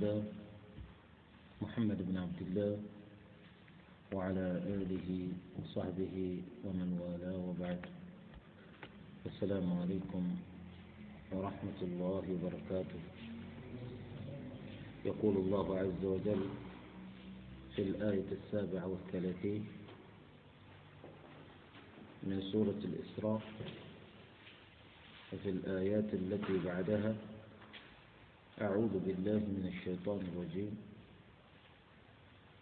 الله محمد بن عبد الله وعلى آله وصحبه ومن والاه وبعد السلام عليكم ورحمة الله وبركاته يقول الله عز وجل في الآية السابعة والثلاثين من سورة الإسراء وفي الآيات التي بعدها أعوذ بالله من الشيطان الرجيم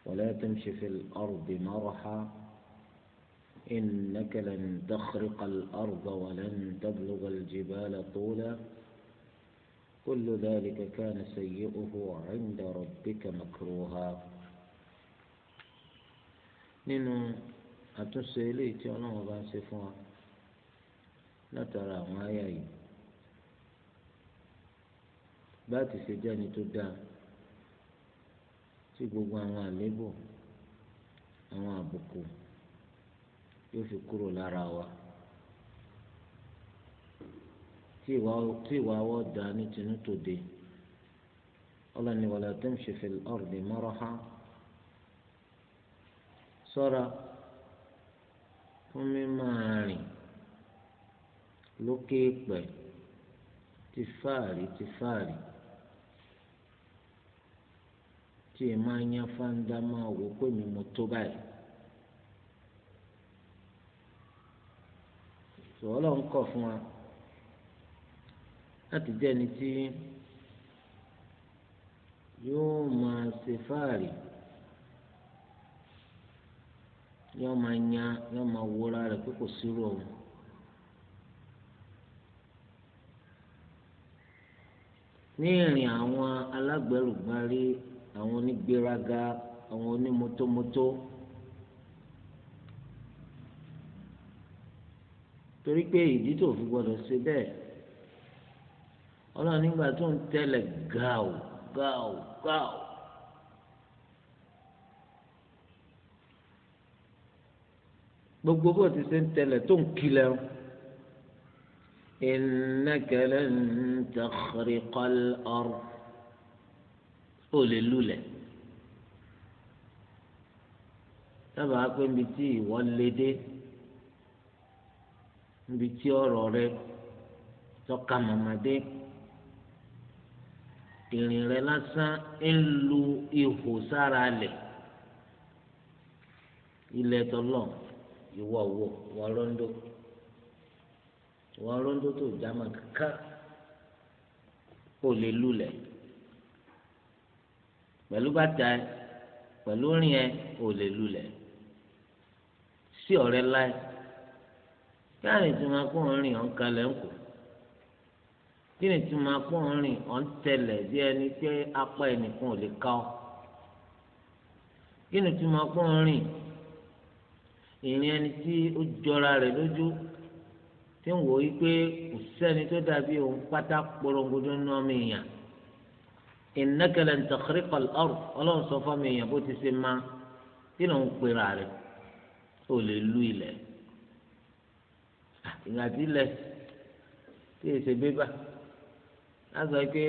ولا تمش في الأرض مرحا إنك لن تخرق الأرض ولن تبلغ الجبال طولا كل ذلك كان سيئه عند ربك مكروها نينو أتسيلي تيونو بانسفوا لا ترى ما يأيب bá ti ṣe jẹ́ni tó dáa tí gbogbo àwọn àléébù àwọn àbùkù yóò fi kúrò lára wa tí ìwà wọ́ da ní tinú tó de ọlọ́ni wàlá tamshi fil ardi sọ́ra fún mímọ́ àárín lókè pẹ̀ tìfáàrí tìfáàrí. tí ì máa yan fáńdá máa wò pé mi mo tó báyìí. sọ̀rọ̀ ń kọ̀ fún wa láti jẹ́ ẹni tí yóò máa ṣe fáàrí yóò máa yan yóò máa wúra rẹ̀ pé kò àwọn onígbéraga àwọn onímọ́tómọ́tó. torí pé ìdí tó fi gbọdọ̀ ṣe bẹ́ẹ̀ ọlọ́run nígbà tó ń tẹ́lẹ̀ gáò gáò gáò gbogbo bó ti ṣe ń tẹ́lẹ̀ tó ń kilẹ̀ innaka lan takhriqal ard. o lè lulẹ̀ sábàá pé níbi tí ìwọ lè dé níbi tí ọ̀rọ̀ rẹ tọ́ka màmá dé ìrìn rẹ lásán ń lu ihò sára lẹ̀ ilẹ̀ tọ́lọ̀ ìwọ wò wọ rọ́ńdó wọ rọ́ńdó tó jámà kankan lè pẹ̀lú bàtà ẹ pẹ̀lú rìn ẹ ò lè lulẹ̀ sí ọ̀rẹ́ láì ni tí máa kó rìn ọ̀n kalẹ̀ ń kù kí ni tí máa kó rìn ọ̀n tẹlẹ̀ bí ẹni pé apá ẹnìkan ò lè ká ọ kí ni tí máa kó rìn ìrìn ẹni tí ó jọra rẹ̀ lójú tí ń wò ó pé kò sẹ́ni tó dàbí òun pátá porongodo ní ọmọ èèyàn innaka lan takhriqa al-ard ọlọ́run sọ fún mi èèyàn bó ti ṣe máa kí ló ń pera rẹ̀ ó lè lu ilẹ̀ ah, ìgbà tí ilẹ̀ tí èsè bébà lásán pé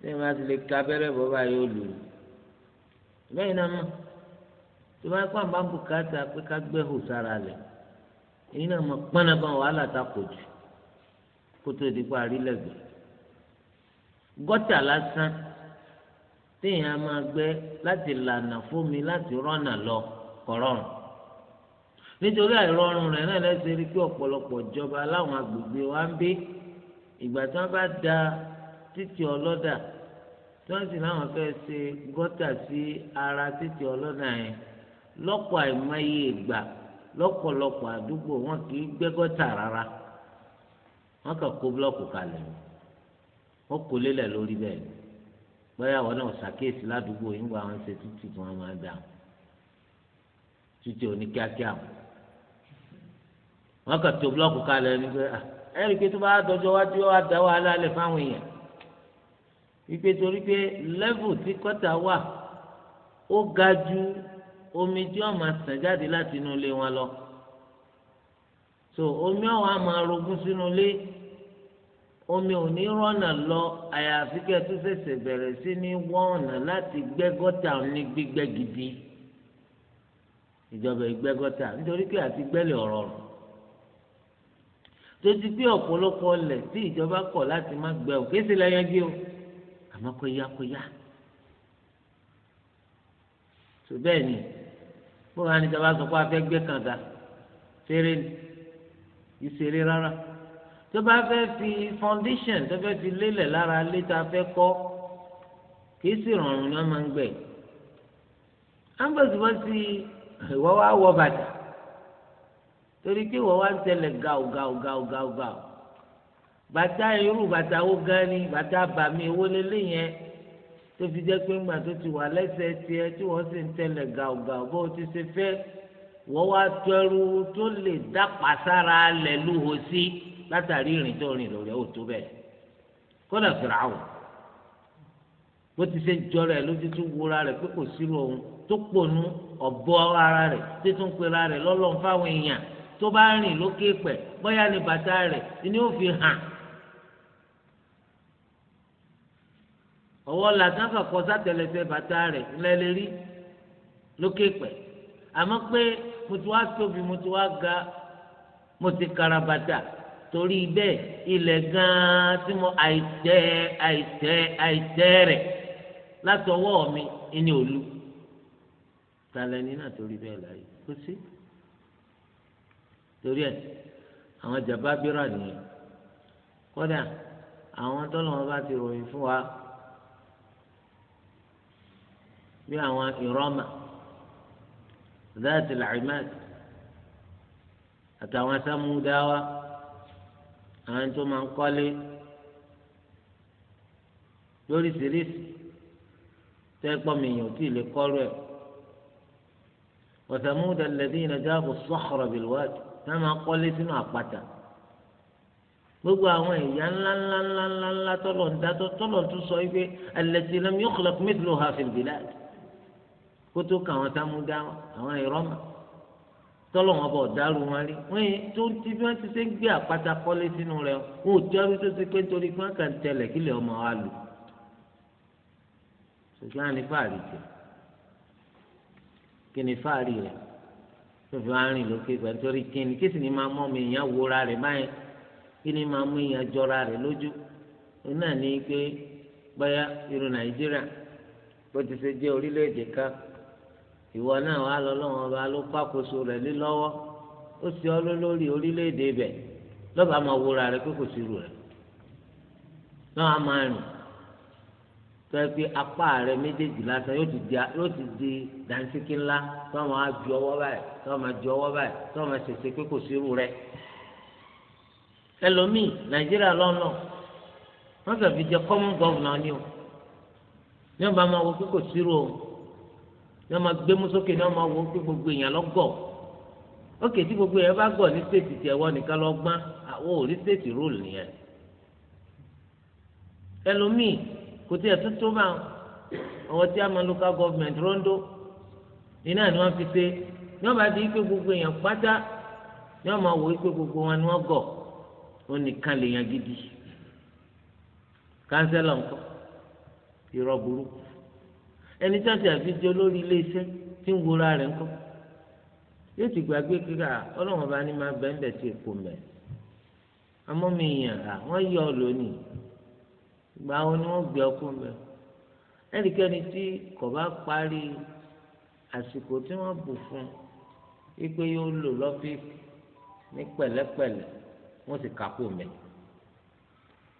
tí wọ́n bá ti lè ka abẹ́rẹ́ bọ́ báyìí ó lù ú lẹ́yìn náà mọ̀ tí wọ́n bá pàm bá bùkátà pé ká gbẹ́ hù sára rẹ̀ èyí náà mọ̀ pọ́nabọ́n wàhálà ta kò jù kó tó àrílẹ̀ gbẹ̀ẹ́. gọ́tà lásán téèyàn máa gbẹ́ láti lànà fómi láti rọ́nà lọ kọ̀rọ̀rùn nítorí àìrọ̀rùn rẹ̀ náà lẹ́sẹ̀ rí pé ọ̀pọ̀lọpọ̀ ìjọba láwọn agbègbè wa ń bí ìgbà tí wọ́n bá da títí ọlọ́dà tí wọ́n sì láwọn fẹ́ ṣe gọ́tà sí ara títì ọlọ́dà yẹn lọ́pọ̀ àìmọye ìgbà lọ́pọ̀lọpọ̀ wọn kì í gbẹ́ gọ́tà wọn kò lélẹ̀ lórí bẹ́ẹ̀ ni bóyá àwọn náà ṣàkíyèsí ládùúgbò yìí ń gba àwọn ṣe títì tí wọn máa dà títì òní kíákíá wọn kà tó búlọ́ọ̀kù kalẹ̀ ní pé ẹ̀rí pé tó bá dọjọ́ wájú wa dá wàhálà lẹ̀ fáwọn èèyàn wípé torí pé lẹ́vù tí kọ́tà wà ó ga ju omi tí wọ́n máa sàn jáde láti inú ilé wọn lọ so omi ọ̀hún á máa rogún sínú ilé. omi ò ní lọ àyàfi kí ẹ tún bẹ̀rẹ̀ sí ní wọ́n ọ̀nà láti gbẹ́ gọta ní gbígbẹ́ gidi ìjọba ìgbẹ́ nítorí pé àti ọ̀rọ̀ tó ti gbé ọ̀pọ̀lọpọ̀ ọlẹ̀ tí ìjọba láti má o kò yá kò yá tó ni ìjọba sọ pé a tó bá fẹ́ fi foundation tó fẹ́ fi lélẹ̀ lára ilé tá a fẹ́ kọ́ kìí sì rọrùn ni wọ́n máa ń gbẹ̀. ambos wọ́n ti ìwọ́ wá wọ bàtà torí pé ìwọ́ wá ń tẹ̀lẹ̀ gàù gàù gàù gàù gàù bàtà irú bàtà owó gan ni bàtà bàmí owó lélẹ̀ yẹn tó fi jẹ́ pé ńgbà tó ti wà lẹ́sẹ̀ tiẹ̀ tí wọ́n sì ń tẹ̀lẹ̀ gàù gàù bó ti ṣe fẹ́ wọ́n wá tọrú tó lè dápàsára lẹ̀ lúho sí. Si látàrí ìrìn tó rìn lórí ò tó bẹ́ẹ̀ kódà fìràwọ̀ bó ti ṣe jọrọ ẹ lójú tó wúra rẹ pé kò sírò ohun tó pònú ọ̀bọ ara rẹ tó tún pera rẹ lọ́lọ́run fáwọn èèyàn tó bá rìn lókè pẹ̀ bóyá ní bàtà rẹ̀ ni ó fi hàn ọwọ́ làtàn kọ̀kọ́ sátẹlẹsẹ bàtà rẹ̀ ńlẹ́lẹ́ rí lókè pẹ̀ àmọ́ pé mo ti wá tóbi mo ti wá ga mo ti karabata torí bẹ́ẹ̀ ilẹ̀ gan-an tí mo àìtẹ́ àìtẹ́ àìtẹ́ rẹ̀ láti ọwọ́ mi ní òlu talẹ́ni náà torí bẹ́ẹ̀ láyé kó sí torí ẹ̀ àwọn jàmbá bírà nìyẹn kódà àwọn tọ́lọ́wọ́n bá ti ròyìn fún wa bí àwọn ìrọ́mà zaati làcímáàdì àtàwọn sámúdáwá àwọn tó máa ń kọ́lé lóríṣiríṣi tẹ́gbọ́n mi yàn tí ì lè kọ́rọ̀ ẹ̀ wọ̀sàmúdà lẹ́dínà jáàbù sọ́kọ̀rọ̀ bìlúwàdì náà máa kọ́lé sínú àpáta gbogbo àwọn ìyá ńlá tọ́lọ̀ ń dátọ́ tọ́lọ̀ tún sọ wípé alẹ́tì lẹ́mú yóò kọ́lọ́ fún mi ló ha fìlbìlá kótó kàwọn sámúdá àwọn ìrọ́mà tọ́lọ̀ wọn bọ̀ dárú wọn rí wọ́n yẹn tó ti bí wọ́n ti ṣe ń gbé àpáta kọ́lé sínú rẹ̀ wọn ò jẹ́rú tó ti pé nítorí pé wọ́n kàn tẹlẹ̀ kílẹ̀ ọmọ wa lò ṣùgbọ́n àní fáàrí jẹ kí ni fáàrí rẹ̀ tó fi wá rìn lókè pẹ̀ nítorí kí ni kí sì ni máa mọ́ mi ìyàn wúra rẹ̀ báyẹn kí ni máa mú ìyàn jọra rẹ̀ lójú òun náà ní pé báyà irun Nàìjíríà bó ti ṣe jẹ́ orílẹ̀-èdè kan ìwọ náà wà lọ́lọ́wọ́n ọba ló kó àkóso rẹ̀ lé lọ́wọ́ ó sì ọ́ lólórí orílẹ̀-èdè ibẹ̀ lọ́ba máa wúra rẹ̀ pé kò sí rù rẹ̀ náà á máa rìn tó ẹ pé apá rẹ̀ méjèèjì lásán yóò ti di dantiki ńlá tó wọn á ju ọwọ́ báyìí tó wọn máa ju ọwọ́ báyìí tó wọn máa ṣèṣe pé kò sí rù rẹ̀ ẹlòmíì nàìjíríà lọ́nà wọ́n kàn fi jẹ common governor ni o ní ọba máa wo pé kò sí rù òun ní wọn máa gbé mú sókè ní wọn máa wọ pé gbogbo èèyàn lọ gọ ókè tí gbogbo èèyàn bá gọ ní stéètì tiẹ̀ wọ́n nìkan lọ gbọ́n àwọn ò rí stéètì róòlù nìyẹn ẹlòmíì kò tiẹ̀ tó tó bá ọwọ́ tí a máa local government rondo iná ni wọ́n fi ṣe ní wọn bá di pé gbogbo èèyàn pátá ní wọn máa wọ pé gbogbo wọn ni wọ́n gọ wọn nìkan lèèyàn gidi kánsẹ́lọ̀ ńkọ́ irọ́ burúkú ẹni tí wọ́n ti àfi di olórí iléeṣẹ́ tí ń wúra rẹ̀ ńkọ́ yóò ti gbàgbé kíkà ọlọ́wọ́n bá ní máa bẹ́ńbẹ̀ sí èkó mẹ́ àmọ́ mi yàn á wọ́n yọ ọ lónìí ìgbà wo ni wọ́n gbé ọkọ mẹ́ ẹnikẹ́ni tí kò bá parí àsìkò tí wọ́n bù fún wípé yóò lò lọ́fíìsì ní pẹ̀lẹ́pẹ̀lẹ́ wọ́n sì kápò mẹ́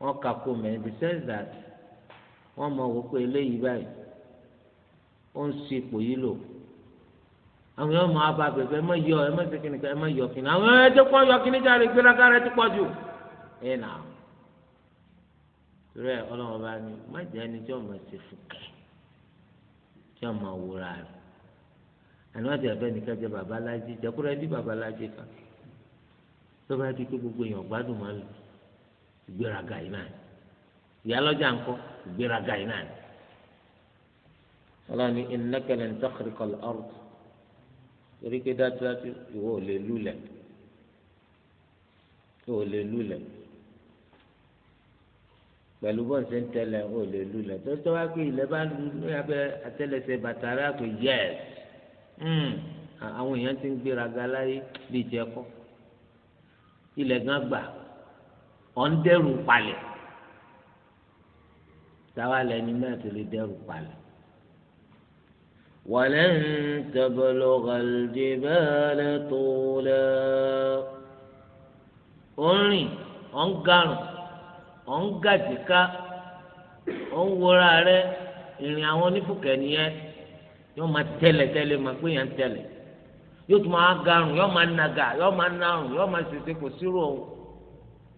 wọ́n kápò mẹ́ the sense that wọ́n mọ̀ wípé eléyìí báyìí. ó ń ṣe ipò yìí lò àwọn yóò máa bá eme ẹ má yọ ẹ má ṣe kíni ẹ má yọ kíni àwọn ẹ jẹ́ kó yọ rẹ ti pọ̀ jù ẹ nà ó bá má ẹni tí ọmọ ṣe fúkẹ́ tí ọmọ wúra rẹ àná àti ẹ̀fẹ́ nìkan jẹ babalájí jẹkúrẹ́ ní babalájí kan tó bá pé gbogbo èèyàn gbádùn máa lò ìgbéraga yìí ọlọ́ni ìnákẹ́lẹ́ ní tẹ́kìrìkọ́ ọ̀rùn torí pé dájúdájú ìwọ ò lè lulẹ̀ ò lè lulẹ̀ pẹ̀lú bọ́ọ̀sẹ̀ ń tẹ̀lẹ̀ ò lè lulẹ̀ tó tọ́wá pé ilẹ̀ bá lu ní abẹ́ àtẹ́lẹsẹ̀ bàtà rẹ̀ àpè yẹ́s hmm. àwọn èèyàn ti ń gbéraga láyé bíi jẹ́kọ́ ilẹ̀ gan gbà ọ̀ dẹ́rù palẹ̀ táwa lẹni náà lè dẹ́rù palẹ̀. ولن تبلغ الجبال طولا orin ọ̀n garùn ọ̀n gàjìká ọ̀n wọra rẹ ìrìn àwọn onífùkẹ́ nìyẹn yóò máa tẹ̀lẹ̀ tẹ̀lẹ̀ máa pé yẹn tẹ̀lẹ̀ yóò tún máa garùn yóò máa nàgà yóò máa nàrùn yóò máa ṣèṣe kò sírò ọ̀hún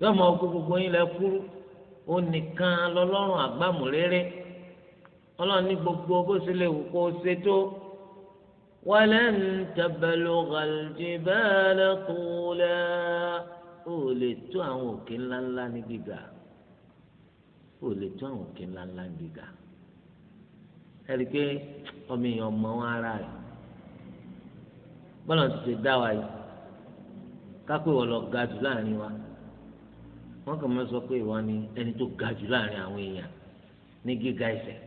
yóò máa gbogbo yín lẹ kúrú ó nìkan lọ́lọ́run àgbàmù rere ọlọ́run ní gbogbo bó ṣe lè wù kó ṣe tó walan tabalugha al-jibala tula ó lè tó àwọn òkè ńláńlá ní gíga ó lè tó àwọn òkè ńláńlá ní gíga ẹ̀rí pé ọmọ èèyàn mọ wọn ara rẹ̀ bọ́lá ti ṣe dá wa yìí kápẹ́ ìwọ lọ ga jù láàrin wa wọ́n kàn máa sọ pé ìwọ ni ẹni tó ga jù láàrin àwọn èèyàn ní gíga ẹsẹ̀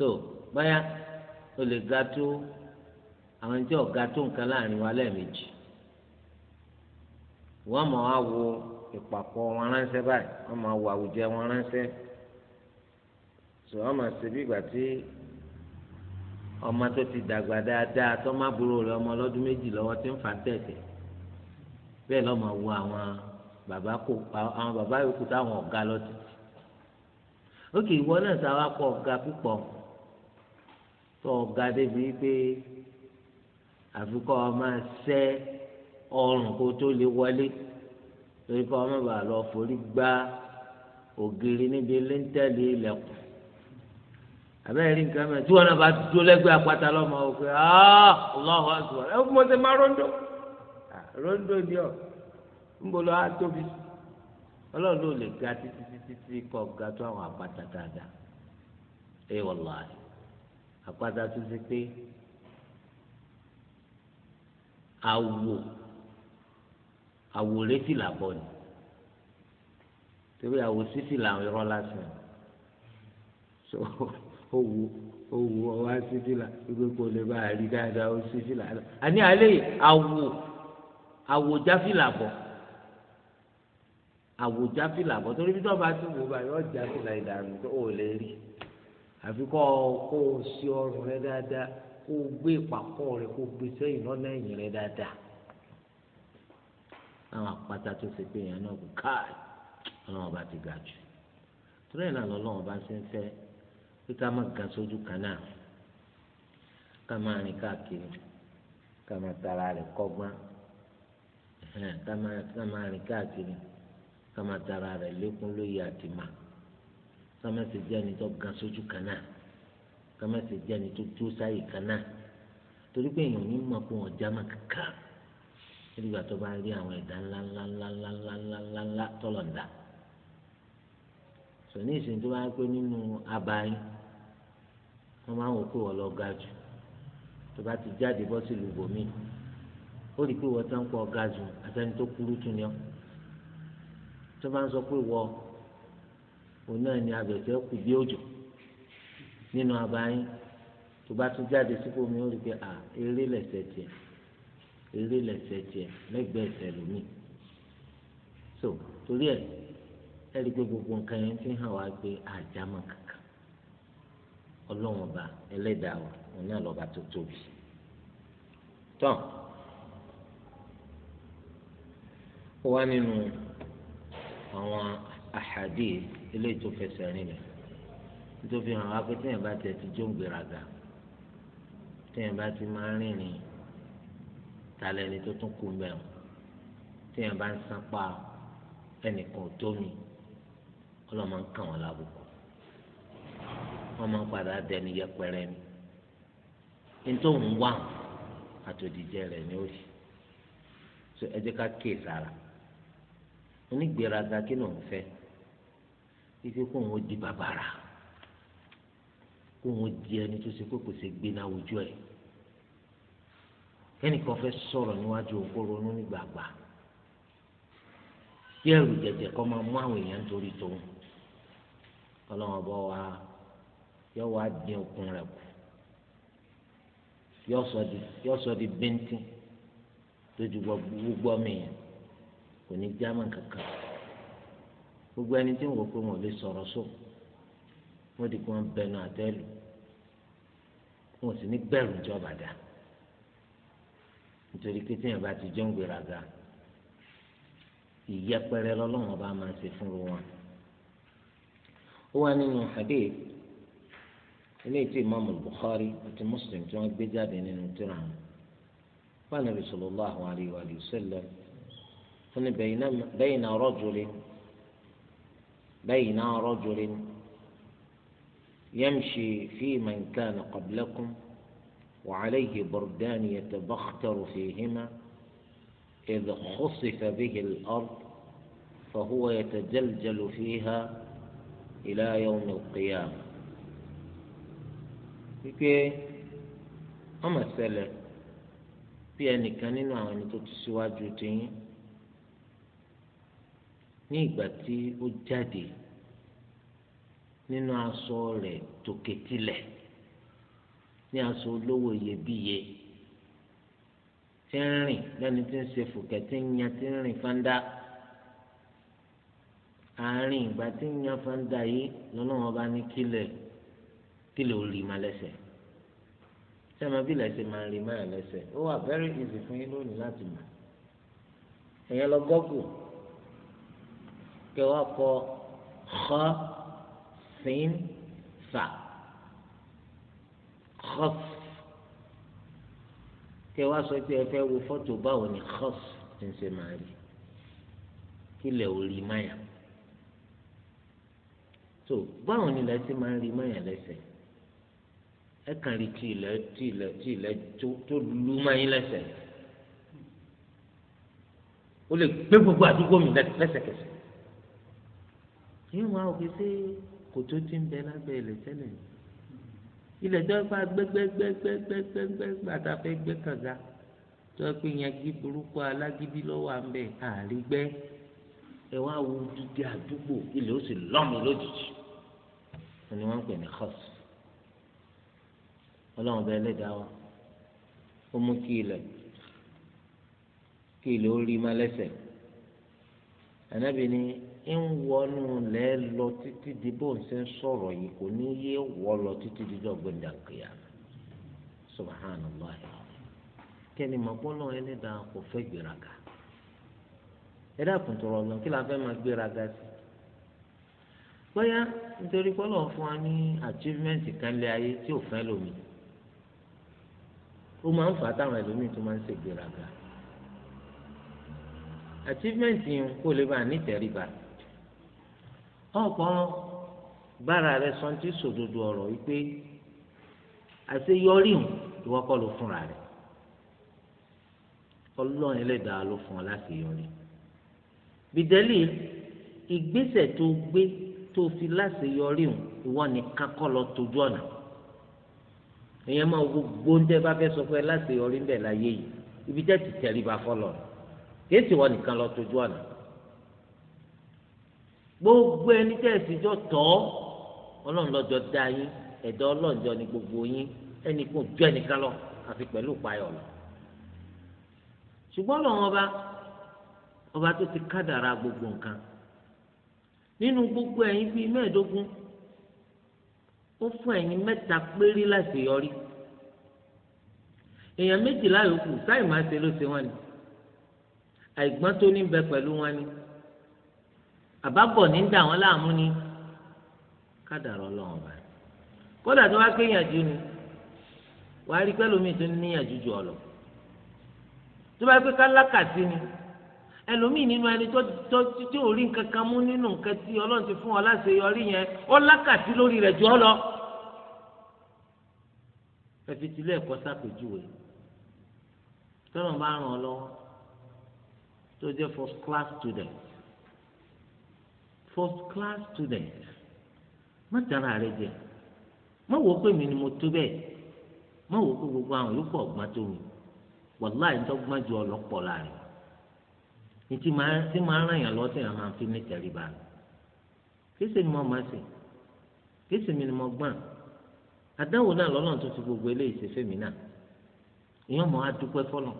so báyà o lè ga tó àwọn ẹni tí ọ̀gá tó nǹkan láàrin wa lẹ́ẹ̀mejì wọ́n mọ̀ á wo ìpapọ̀ wọn ránṣẹ́ báyìí wọ́n mọ̀ á wo àwùjẹ wọn ránṣẹ́ so wọ́n mọ̀ ṣe bí ìgbà tí ọmọ tó ti dàgbà dáadáa tó má burú rẹ ọmọ ọlọ́dún méjì lọ́wọ́ tí ń fà tẹ̀tẹ̀ bẹ́ẹ̀ lọ́mọ wo àwọn bàbá kò àwọn bàbá yòókù táwọn ọ̀gá lọ sí ìwọ náà sáwá kọ ọ̀gá púpọ̀ tó ọ̀gá débi pé àfikọ́ ọmọ sẹ́ ọrùn kó tó lè wọlé torí kọ́ ọmọ bàá lọ forí gbá ògiri níbi lẹ́ńtẹ́lì ilẹ̀kùn àbẹ́rẹ́ nǹkan mẹ́rin tí wọ́n náà bá dúró lẹ́gbẹ̀ẹ́ àpáta lọ́mọ o pé ọlọ́hùn ah, àtúwọ̀ ẹ fún mọ́tẹ́ má rondo rondo ni ọ ń bọ̀ lọ́wọ́ àtòbí ọlọ́run ló lè ga títí títí kọ́ ga tó àwọn àpáta dáadáa ẹ wọ́n lọ́ọ́ àyè àpáta tó ṣe pé àwò àwò retí làbọ̀ ni torí àwò sísì làwọn irọ́ lásán so owó owó ọwọ́ sísì là gbogbo lè bá àrí dáadáa ó sísì là àní alẹ́ àwò àwò jáfì làbọ̀ àwò jáfì làbọ̀ torí bí tó bá tún wò báyìí ọjà fìlà ìdààmú tó ò lè rí àfi kọ́ kó o sí ọrùn rẹ dáadáa kó o gbé ìpàkọ́ rẹ kó o gbé sẹ́yìn lọ́nà ẹ̀yìn rẹ dáadáa àwọn àpáta tó ṣe pé èèyàn náà kò káàdì ọlọ́wọ́n bá ti ga jù torí ẹ̀ náà lọ́lọ́wọ́n bá ṣe ń fẹ́ pé ká má ga sójú kan náà ká máa rìn káàkiri ká máa tara rẹ̀ kọ́gbọ́n ká máa rìn káàkiri ká máa tara rẹ̀ lékún lóye àtìmáà kámẹ́sì jẹ́ ẹni tó ga sójú kan náà kámẹ́sì jẹ́ ẹni tó dúró sáyè kan náà torí pé èèyàn ní mọ̀ pé wọ́n já má kàkà nígbà tó bá rí àwọn ẹ̀dá ńláńláńláńláńláńlá tọ́lọ̀ ń dà sọ ní ìsìn tó bá pé nínú abayín wọ́n máa ń wò pé wọ́n lọ ga jù tó bá ti jáde bọ́ sí lùbọ̀mí ó rí pé wọ́n ti ń pọ̀ ga jù àtẹni tó kúrú tún ni ọ́ tó bá ń sọ pé wọ́n òun náà ni abẹ̀tẹ̀ kù bí òjò nínú abayín tó bá tún jáde sípò mi ó rí pé à eré lẹ̀sẹ̀ tiẹ̀ eré lẹ̀sẹ̀ tiẹ̀ lẹ́gbẹ̀ẹ́ ẹ̀sẹ̀ lómi so torí ẹ̀ ẹ̀rí pé gbogbo nǹkan yẹn fi hàn wá pé àjàmọ̀ kankan ọlọ́run ọba ẹlẹ́dàá wa òun náà lọ́ba tó tóbi tán ó wá nínú àwọn ahadith eléyìí tó fẹsẹ̀ rinlẹ̀ nítorí hàn wá pé téèyàn bá tẹ̀ ti jó ń gbéraga téèyàn bá ti máa rìnrìn talẹ̀ ni tó tún kú mẹ́rin téèyàn bá ń sanpa ẹnìkan tó mi ọlọ́mọ ń kàn wọ́n lábùkù wọ́n máa ń padà dẹni yẹpẹrẹ ni nítorí wà àtòdìjẹ rẹ̀ ni ó sì ẹ jẹ́ ká kíyèsára onígbéraga kí ló ń fẹ́ ike kó òun di bàbàrà kó òun di ẹni tó ṣe kókò ṣe gbé náà ojú ẹ kẹ́nìkan fẹ́ sọ̀rọ̀ níwájú òkú ronú nígbàgbà kí ẹrù jẹjẹ kọ́ máa mú àwọn èèyàn torí tòun ọlọ́run ọba wa yọ wá dín okun rẹ̀ kù yọ sọ di bíntín lójú gbogbo ọmọ èèyàn kò ní jámà kankan gbogbo ẹni tí ń wò pé wọn ò lè sọ̀rọ̀ sọ wọn di kí wọn bẹnu àtẹlù wọn sì ní bẹ̀rù ìjọba dá nítorí pé téèyàn bá ti jọ ń gbéraga ìyẹpẹrẹ lọ́lọ́run ọba máa ń ṣe fún wọn. ó wà nínú hadith ilé tí imaamu Bukhari àti Muslim tí wọn gbé jáde nínú tírà wọn wọn nàbì sallallahu alayhi wa sallam fún ni bayna rajulin. بين رجل يمشي في من كان قبلكم وعليه بردان يتبختر فيهما إذ خصف به الأرض فهو يتجلجل فيها إلى يوم القيامة wípé أما ṣẹlẹ̀ في أن كان نعاني ẹni ní ìgbà tí ó jáde nínú aṣọ rẹ̀ tòkètìlẹ̀ ní aṣọ olówó iyebíye tí ń rìn lẹ́ni tí ń ṣe fòkẹ́ tí ń yan tí ń rìn fáńdá àárín ìgbà tí ń yan fáńdá yìí lọ́lọ́wọ́n bá ní kílẹ̀ kílẹ̀ ó rí ma lẹ́sẹ̀ tí a máa bí lẹ́sẹ̀ máa rí ma lẹ́sẹ̀ ó wà very easy fún yín lónìí láti mọ̀ ẹ̀yẹn lọ gọ́gùn kẹ wá kọ xa sin fa xɔf kẹ wá sọ pé ẹ fẹ́ wo fọ́tò báwo ni xɔf ti ń ṣe máa rí kí lè ò rí máyà tó báwo ni lè ti máa rí máyà lẹ́sẹ̀ ẹ kàn rí tí ilẹ̀ tí ilẹ̀ tí tó lu máyín lẹ́sẹ̀ o lè gbé gbogbo àdúgbò mi lẹ́sẹ̀kẹsẹ̀ yìí wọn àwọn òfin ṣe kòtò tí ń bẹ lábẹ́ ilẹ̀ tẹ́lẹ̀ ni ilẹ̀ tó pa gbẹgbẹgbẹgbẹgbẹgbẹ àtàfẹ́ gbẹ kànga tó pé yangi burúkú alágídí lọ́wọ́ à ń bẹ̀ àrígbẹ́ ẹ wá wo dídí àdúgbò ilẹ̀ ó sì lọ́mù lójijì ni wọ́n ń pè ní xọ́s ọlọ́run bẹ lẹ́dàá wa ó mú kí ilẹ̀ kí ilẹ̀ ó rí má lẹ́sẹ̀ ànábì ń wọnú lẹ lọ títí di bó ń ṣe ń sọ̀rọ̀ yìí kò ní yé wọ lọ títí di dọgbọn dàgbéyà subhanallah kẹni mọ̀gbọ́nà ẹlẹ́dàá kò fẹ́ gbéraga ẹ̀dá kùntùrọ̀ ọ̀nà kí la fẹ́ máa gbéraga sí bóyá nítorí pọ́lọ̀ fún wa ní achievement kan lé ayé tí ò fẹ́ lómi ó máa ń fà á táwọn tó máa ń ṣègbéraga achievement yìí kò lè bá wọn kàn bára rẹ sọ ti sòdodo ọ̀rọ̀ wípé àṣeyọrí hùn ìwọ kọ́ ló fúnra rẹ Ọlọ́run Ẹlẹ́dàá ló fún ọ láti yọrí bìdẹlì ìgbésẹ̀ tó gbé tó fi láṣeyọrí hùn ìwọ nìkan kọ́ lọ tójú ọ̀nà èèyàn máa gbogbo ń tẹ bá fẹ́ sọ fún láṣeyọrí ń bẹ láyé yìí ibi tẹ́ ti tẹríba fọlọ kí wọn nìkan lọ tójú ọ̀nà gbogbo ẹni tẹ́ ẹ sì jọ tọ́ ọlọ́run lọ́jọ́ dá yín ẹ̀dá ọlọ́njọ́ ni gbogbo yín ẹnì kò jọ ẹnìkan lọ àfi pẹ̀lú ìpayọ̀ lọ. ṣùgbọ́n ọlọ́run ọba ọba tó ti kádàrá gbogbo nǹkan nínú gbogbo ẹ̀yin bíi mẹ́ẹ̀ẹ́dógún ó fún ẹ̀yin mẹ́ta péré láti yọrí èèyàn méjìlá yòókù sáì máa ṣe ló ṣe wọn ni àìgbọ́n tó ní bẹ pẹ̀lú wọn ni àbábọ̀ ní dà wọ́n láàmú ni kádàrọ̀ ọlọ́run ọba kódà tó wá pé yànjú ni wàá rí pẹ́lúmi tó níyànjú jù ọ lọ tó bá pé kálákàtí ni ẹlòmíì nínú ẹni tó tó tí ò rí nǹkan kan mú nínú nǹkan tí ọlọ́run ti fún ọ láṣeyọrí yẹn ó lákàtí lórí rẹ̀ jù ọ lọ ẹfitilẹ ẹkọ ṣàpèjúwe tọrọ bá ràn ọ lọ́wọ́ tó jẹ́ first class student first class student má tara rẹ jẹ má wò pé mi ni mo tó bẹ́ẹ̀ má wò pé gbogbo àwọn yòókù ọgbọ́n tó mi wàláì dọ́gbọ́n ju ọlọ́pọ̀ láàrin ní tí máa ń ràn lọ sí àwọn àfi ní tẹríba kéṣe ni mo máa sè kéṣe mi ni mo gbọ́n àdáwò náà lọ́nà tó fi gbogbo eléyìí ṣe fẹ́mi náà ìyọ́n mọ̀ á dúpẹ́ fọ́nà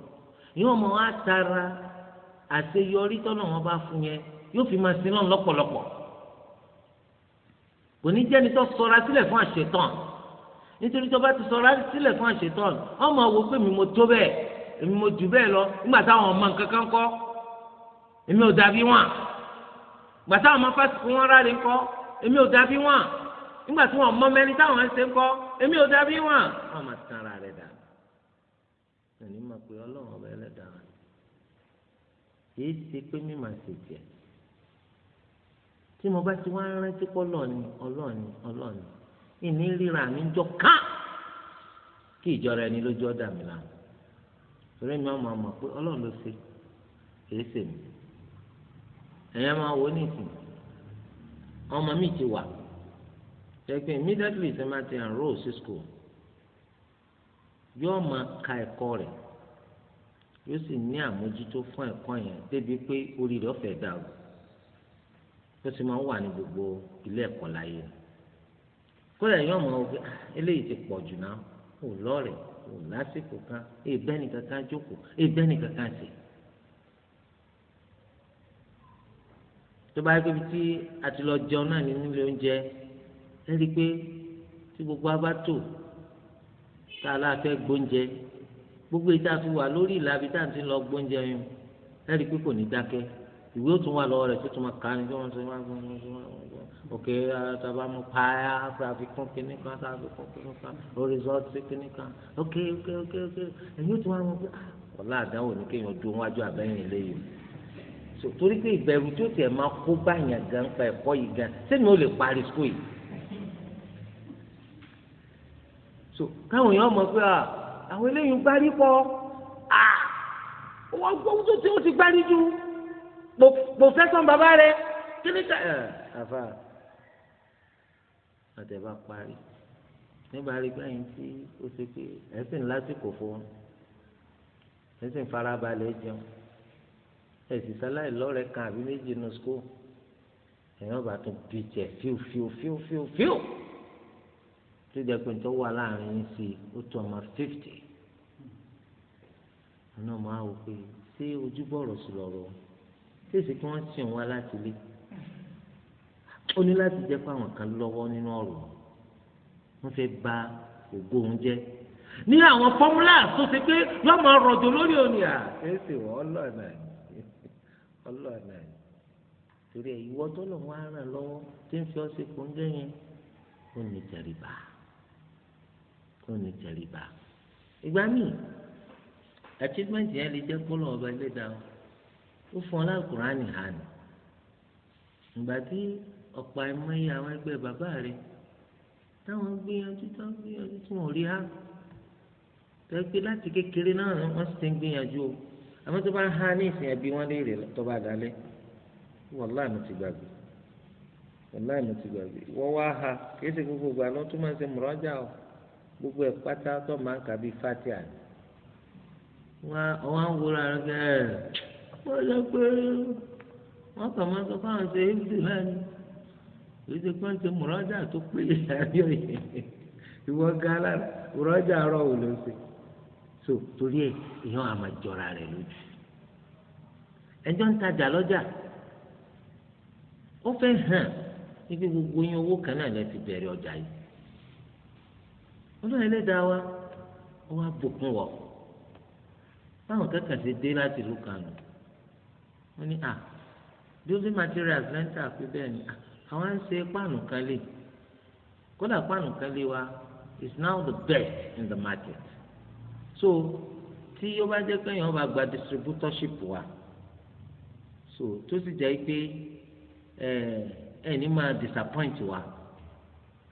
ìyọ́n mọ̀ á tara àṣeyọrí tọ́nà wọn bá fún yẹn yóò fi máa sin lọ́n lọ́pọ̀lọpọ̀ kò ní jẹ́ni tó sọra sílẹ̀ fún àṣetán nítorí tó bá ti sọra sílẹ̀ fún àṣetán wọ́n máa wo pé mi mo tó bẹ́ẹ̀ èmi mo jù bẹ́ẹ̀ lọ nígbà táwọn ọmọ nǹkan kan kọ́ èmi ò dàbí wọn nígbà táwọn ọmọ fásitì wọn rárẹ̀ ńkọ́ èmi ò dàbí wọn nígbà tí wọn mọ mẹ́rin táwọn ń ṣe èmi ò dàbí wọn wọn máa tan ara rẹ̀ dànù ẹni máa pe ọlọ́run ọba ẹlẹ́dàá kì í ṣe pé mímọ̀ ṣèjẹ́ tí mo bá ti wá rántí pọ́ lọ́ọ̀ni ọlọ́ọ̀ni ọlọ́ọ̀ni ìní ríra mi jọ ká kí ìjọra ẹni lójú ọ̀dà mi là torí mi ọmọ àmọ̀ pé ọlọ́run ló ṣe kìí ṣe mi ẹ̀yẹ́ máa wò ó ní ìsìn ọmọ mi ti wà ẹgbẹ́ immediately ṣe máa ti enroll sí school yóò máa ka ẹ̀kọ́ rẹ̀ yóò sì ní àmójútó fún ẹ̀kọ́ yẹn débi pé orí rẹ̀ ọ̀fẹ́ dàrú tó sì máa ń wà ní gbogbo ilé ẹ̀kọ́ láyé kódà yín ọmọ ọgbẹ́ eléyìí ti pọ̀ jù náà ò lọ́ọ̀rẹ̀ ò lásìkò kan èbẹ́ nìkan kan jókòó èbẹ́ nìkan kan sè. tó bá yẹ kó bí tí a ti lọ jẹun náà ní nílé oúnjẹ ẹ rí i pé tí gbogbo a bá tò tá a lá fẹ́ gbóúnjẹ gbogbo ìta fi wà lórí ìlà bí tá ń lọ gbóúnjẹ yẹn ẹ rí i pé kò ní dákẹ́ ìwé òtún wà lọ́wọ́ rẹ̀ tó tún máa kà á ní kí wọ́n ṣe máa gbọ́n ṣe máa gbọ́n òkè tàbá mú pààyà àfikún kínní kan àfikún kínní kan lórí rìsọ́ọ̀tì kínní kan òkè òkè òkè òkè ìwé òtún wà mú pé ọ̀la ah, àdáwò ní kéèyàn dúró wájú àbẹ́yìn eléyìí torí pé ìbẹ̀rù tó tiẹ̀ máa kó báyàn gan pa ẹ̀kọ́ yìí gan sẹ́ni ó lè parí skul yìí so káwọn ah, ah, ti pòfẹ́sọ̀n bàbá rẹ kí ni ká ẹ àfa àtẹ̀bá parí nígbà rí báyìí tí ó ṣe pé ẹ̀sìn lásìkò fún ẹ̀sìn farabalẹ̀ jẹun ẹ̀sìn sáláì lọ́rẹ̀ẹ́ kan àbí méjì nù skul èèyàn bá tún bí jẹ fíw fíw fíw fíw fíw tó jẹ pé nítorí wà láàrin yín sí ó tó ọmọ fífìtì ọ̀nà máa wò pé ṣé ojúbọ̀rọ̀ sí lọ́rọ̀ ṣèṣì kí wọ́n sìn wọn láti lé ó ní láti jẹ́ pé àwọn kan lọ́wọ́ nínú ọ̀rọ̀ wọ́n fẹ́ ba ògo òun jẹ́ ní àwọn fọ́múlà tó ṣe pé yóò máa rọ̀jò lórí òní à. ẹ ṣe wọ ọlọ́ọ̀nà ọlọ́ọ̀nà torí ẹ ìwọ tó lọ́wọ́ á ràn lọ́wọ́ tí ń fi ọ́ ṣe kóńgẹ́ yẹn ó ní tẹríba ó ní tẹríba ìgbà míì achievement yẹn lè jẹ́ kó lọ́wọ́ ọba ẹlẹ́dàá ó fún ọ lálùkùránì ìgbà tí ọ̀pọ̀ àìmọye àwọn ẹgbẹ́ bàbá rẹ̀ táwọn gbìyànjú táwọn gbìyànjú tí wọn rí hàn tẹ́gbé láti kékeré náà wọ́n sì ti ń gbìyànjú o àmọ́ tó bá ń hàn ní ìsìn ẹbí wọn léèrè tó bá dalẹ̀ wàláì mo ti gbàgbé wàláì mi ti gbàgbé wọ́n wá ha kìí ṣe gbogbo ìgbà lọ́tún máa ń ṣe mùrọ́jà o gbogbo ẹ̀ pátá tó máa ń kà bíi fatia wọ́n á wọ́n wọ́n lọ pé wọ́n kàn máa sọ fáwọn ṣe ibùdó lánìí ìdí kan ṣe mùrọ́jà tó péye láyọ̀ yìí ìwọ gánà mùrọ́jà rọ̀ wò ló ṣe so torí ẹ àmà jọra ẹjọ́ ń lọ́jà ó fẹ́ hàn níbi gbogbo yín owó kan ti bẹ̀rẹ̀ ọjà yìí olóyè lẹ́dàá wa ó wá bùkún báwọn kẹ́kẹ́ ṣe dé láti ìlú nù. wọ́n ní à ah, building materials lẹ́ńtà pé bẹ́ẹ̀ ni ah, àwọn ń ṣe páànù kan lè kódà páànù kan lè wa is now the best in the market so tí yóò bá jẹ́ pé èèyàn bá gba distributorship wa so tó sì jẹ́ pé eh, ẹni máa disappoint wa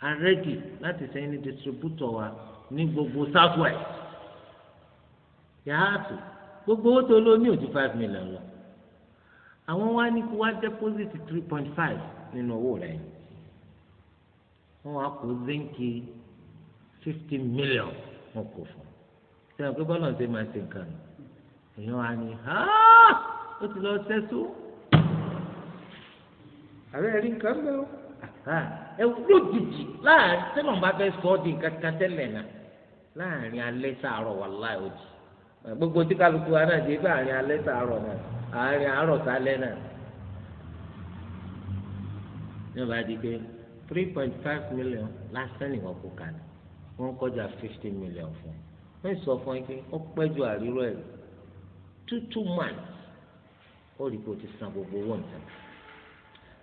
a ready láti sẹ́yìn ní distributor wa ní gbogbo Southwest. west yàtọ̀ gbogbo owó tó ló ní ojú five million lọ àwọn wá ní kó wá deposit three point five nínú owó rẹ̀ wọ́n wá kó zinki fifty million wọ́n kò fún sẹ́yìn pé bọ́lá ṣe máa ṣe nǹkan èèyàn wá ní ó ti lọ sẹ́só àbẹ́ rí nǹkan bẹ́ẹ̀ o ẹ lójijì láàrin tẹ́lọ̀ bá fẹ́ sọ ọ́ di nǹkan kan tẹ́lẹ̀ náà láàrin alẹ́ sàárọ̀ wà láì ojì gbogbo tí kálukú wa náà dé láàrin alẹ́ sàárọ̀ náà àárín àárọ̀ sálẹ̀ náà ní ọba di pé three point five million lásán ni wọ́n kó kalẹ̀ wọ́n kọjá fifty million fún un wọ́n sọ fún ẹ pé ó pẹ́ ju ẹ̀ two two months ó rí kó o ti san gbogbo owó nǹkan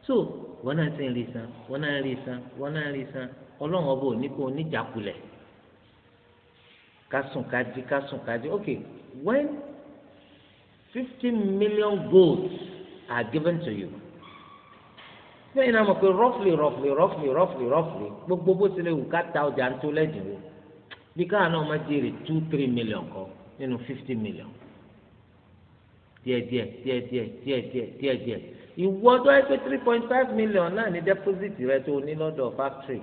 so wọ́n náà ti ń rí san wọ́n náà rí san wọ́n náà rí san ọlọ́run ọba ò ní kó o níjàkulẹ̀ kásùn kájí kásùn kájí okay when fifty million goats are given to you sẹ́yìn náà mọ̀ pé roughly roughly roughly roughly roughly gbogbo bó ti lè wù ká ta ọjà tó lẹ́dínwó bí káwọn náà máa jèrè two three million kọ nínú fifty million díẹ̀díẹ̀ díẹ̀díẹ̀ díẹ̀díẹ̀ díẹ̀díẹ̀ ìwọ tó ẹ pé three point five million náà ní deposit rẹ tó ní lọ́dọ̀ factory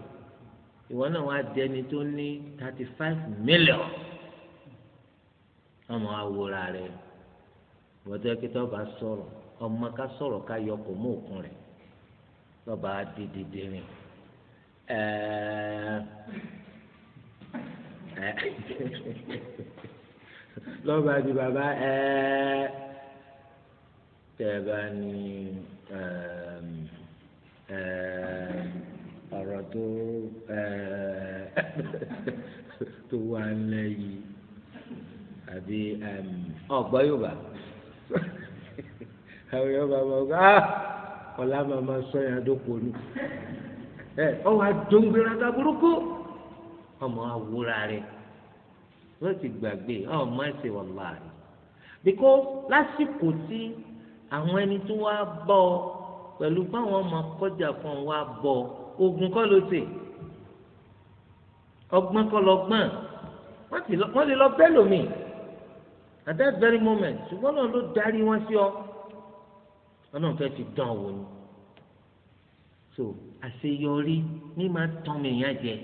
ìwọ náà wá di ẹni tó ní thirty five million ọmọ awòra rẹ wọ́n jẹ́ kí tọ́ba sọ̀rọ̀ ọmọ ká sọ̀rọ̀ ká yọ kò mú òkun rẹ̀ tọ́ba dídídé rìn lọ́ba di bàbá tẹ̀bà ni ọ̀rọ̀ tó tó wà ń lẹ́yìn àbí ọ̀gbọ́n yóò bá àwọn èèyàn bàbá ọgá ah, ọlá màmá sọyìn àdókò ni ẹ ọwọ àdóńgbéraga burúkú ọmọ àwúra rẹ wọn ti gbàgbé ah, ọmọ ẹsẹ wàlá rẹ because lásìkò tí àwọn ẹni tí wọn á bọ ọ pẹ̀lú báwọn ọmọ kọjá fún wọn á bọ ọ ogun kọ́ ló ṣe ọgbọ́n kọ́ lọ gbọ́n wọ́n lè lọ bẹ́ẹ̀ lómi at that very moment ṣùgbọ́n náà ló darí wọn sí ọ ọlọ́run fẹ́ fi dán wò ni so àṣeyọrí ní máa tán mi yàn jẹ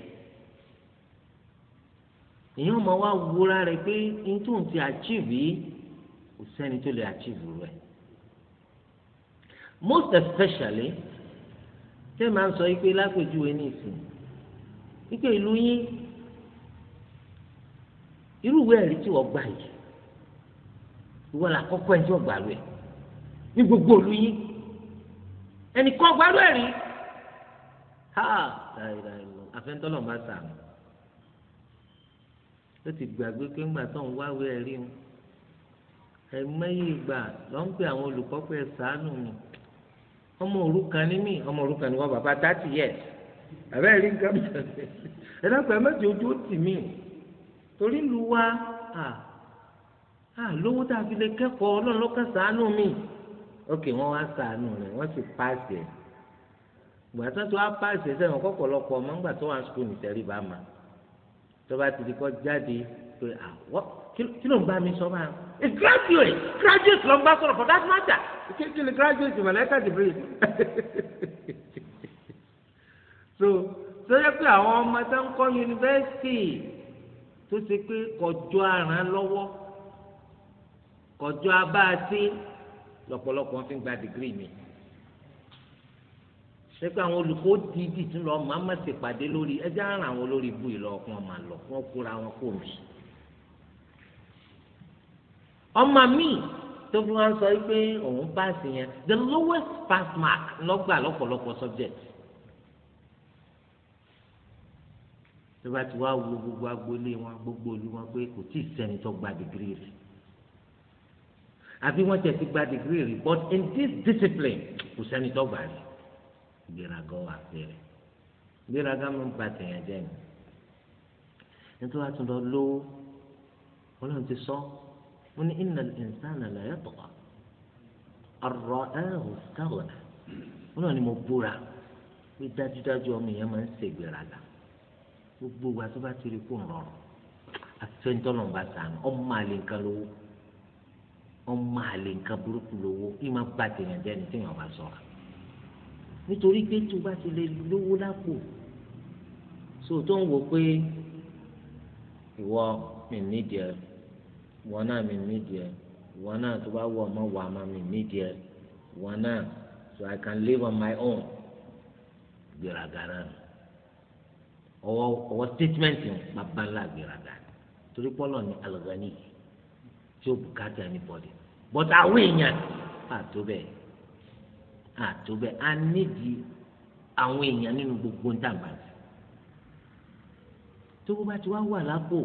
èyàn máa wá wúra rẹ pé ntòun ti achieve yìí kò sẹ́ni tó lè achieve rẹ most especially ṣé máa ń sọ yìí pé lápèjúwe ní ìsìn wípé ìlú yín irú ìwé ẹ̀rí tí wọ́n gbà yìí ìwọ làkọ́kọ́ ẹ̀ tí wọ́n gbà rẹ̀ ní gbogbo òlu yín ẹnìkan gbarú ẹ̀rí ha àfẹnudọ́lọ́ bá sàmù ó ti gbàgbé pé ńgbà tó ń wáwé ẹ̀rí wọn ẹ̀mẹ́yìí ìgbà ló ń pè àwọn olùkọ́ pé ẹ ṣàánú mi ọmọ òrukàn ni mí ọmọ òrukàn ni wọ́n bàbá dátì yẹ àbẹ́ rí nǹkan bẹ̀rẹ̀ ẹ dákun ẹ mẹ́jọ ojú ó tì mí torí lu wa à lówó tá a fi lè kẹ́kọ̀ọ́ ọlọ́run ló kẹ́ ṣàánú mi ókè wọ́n wá sàánù rẹ̀ wọ́n sì páàsì ẹ̀ gbàtà tó wá páàsì ẹ̀ sẹ́wọ̀n kọ́pọ̀lọpọ̀ ọmọ ńgbà tó wà ní sukùl nìtẹ́rì bá ma tó bá ti di kọ́ jáde pé àwọ̀ kí ló ń bá mi sọ bá a graduate graduate ló ń bá sọ̀rọ̀ for that matter kí kí ni graduate mọ̀lẹ́kà ti bèrè so sọ́jà pé àwọn ọmọ tó ń kọ́ yunifásitì tó ṣe pé kọjọ́ àrán lọ́wọ́ kọjọ́ abá a lọ́pọ̀lọpọ̀ fi gba dìgírì mi sẹ́kọ̀ àwọn olùkọ́ dìídì tún lọ máa má ṣe pàdé lórí ẹjẹ́ àrùn àwọn olórí ibú ìlọ ọkùn ọmọ àlọ́ wọn kóra wọn kó mi. ọmọ mi tó fi wọn sọ pé òun pass yẹn the lowest pass mark lọ́gbà lọ́pọ̀lọpọ̀ subject. tó bá ti wá wo gbogbo agboolé wọn gbogbo olú wọn pé kò tí ì sẹ́ni tó gba dìgírì rẹ̀ àbí wọ́n tẹ̀ ti gba degree rí but in this discipline kò sẹ́ni tó gbà rí ìgbéraga wà bẹ̀rẹ̀ ìgbéraga ló ń ba tẹ̀yàn jẹ́ ni nítorí wàá tún lọ lówó ọlọ́run ti sọ wọ́n ní innal insana la yatgha arra'ahu istaghna wọ́n náà ni mo búra pé dájúdájú ọmọ yẹn máa ń ṣe ìgbéraga gbogbo wa tó bá ti rí kó ń rọrùn àti fẹ́ntọ́nà sànù ọmọ àlè nǹkan lówó ọmọ àlè nǹkan burúkú lówó kí máa bá tèèyàn jẹ́ ni téèyàn bá sọ̀rọ̀ nítorí pé tó bá ti lè lówó lápò so tó ń wò pé ìwọ mi nídìí ẹ ìwọ náà mi nídìí ẹ ìwọ náà tó bá wọ ọmọ wà má mi nídìí ẹ ìwọ náà so I can live on my own gbèràgàrà nù ọwọ́ statement yẹn bàbá ńlá gbèràgàrà torí pọ́lọ̀ ní alghani tí ó bùkátà anybody But àwọn èèyàn àtó bẹ́ẹ̀ àtó bẹ́ẹ̀ a nídìí àwọn èèyàn nínú gbogbo ntàgbà tó bá ti wá wà lápò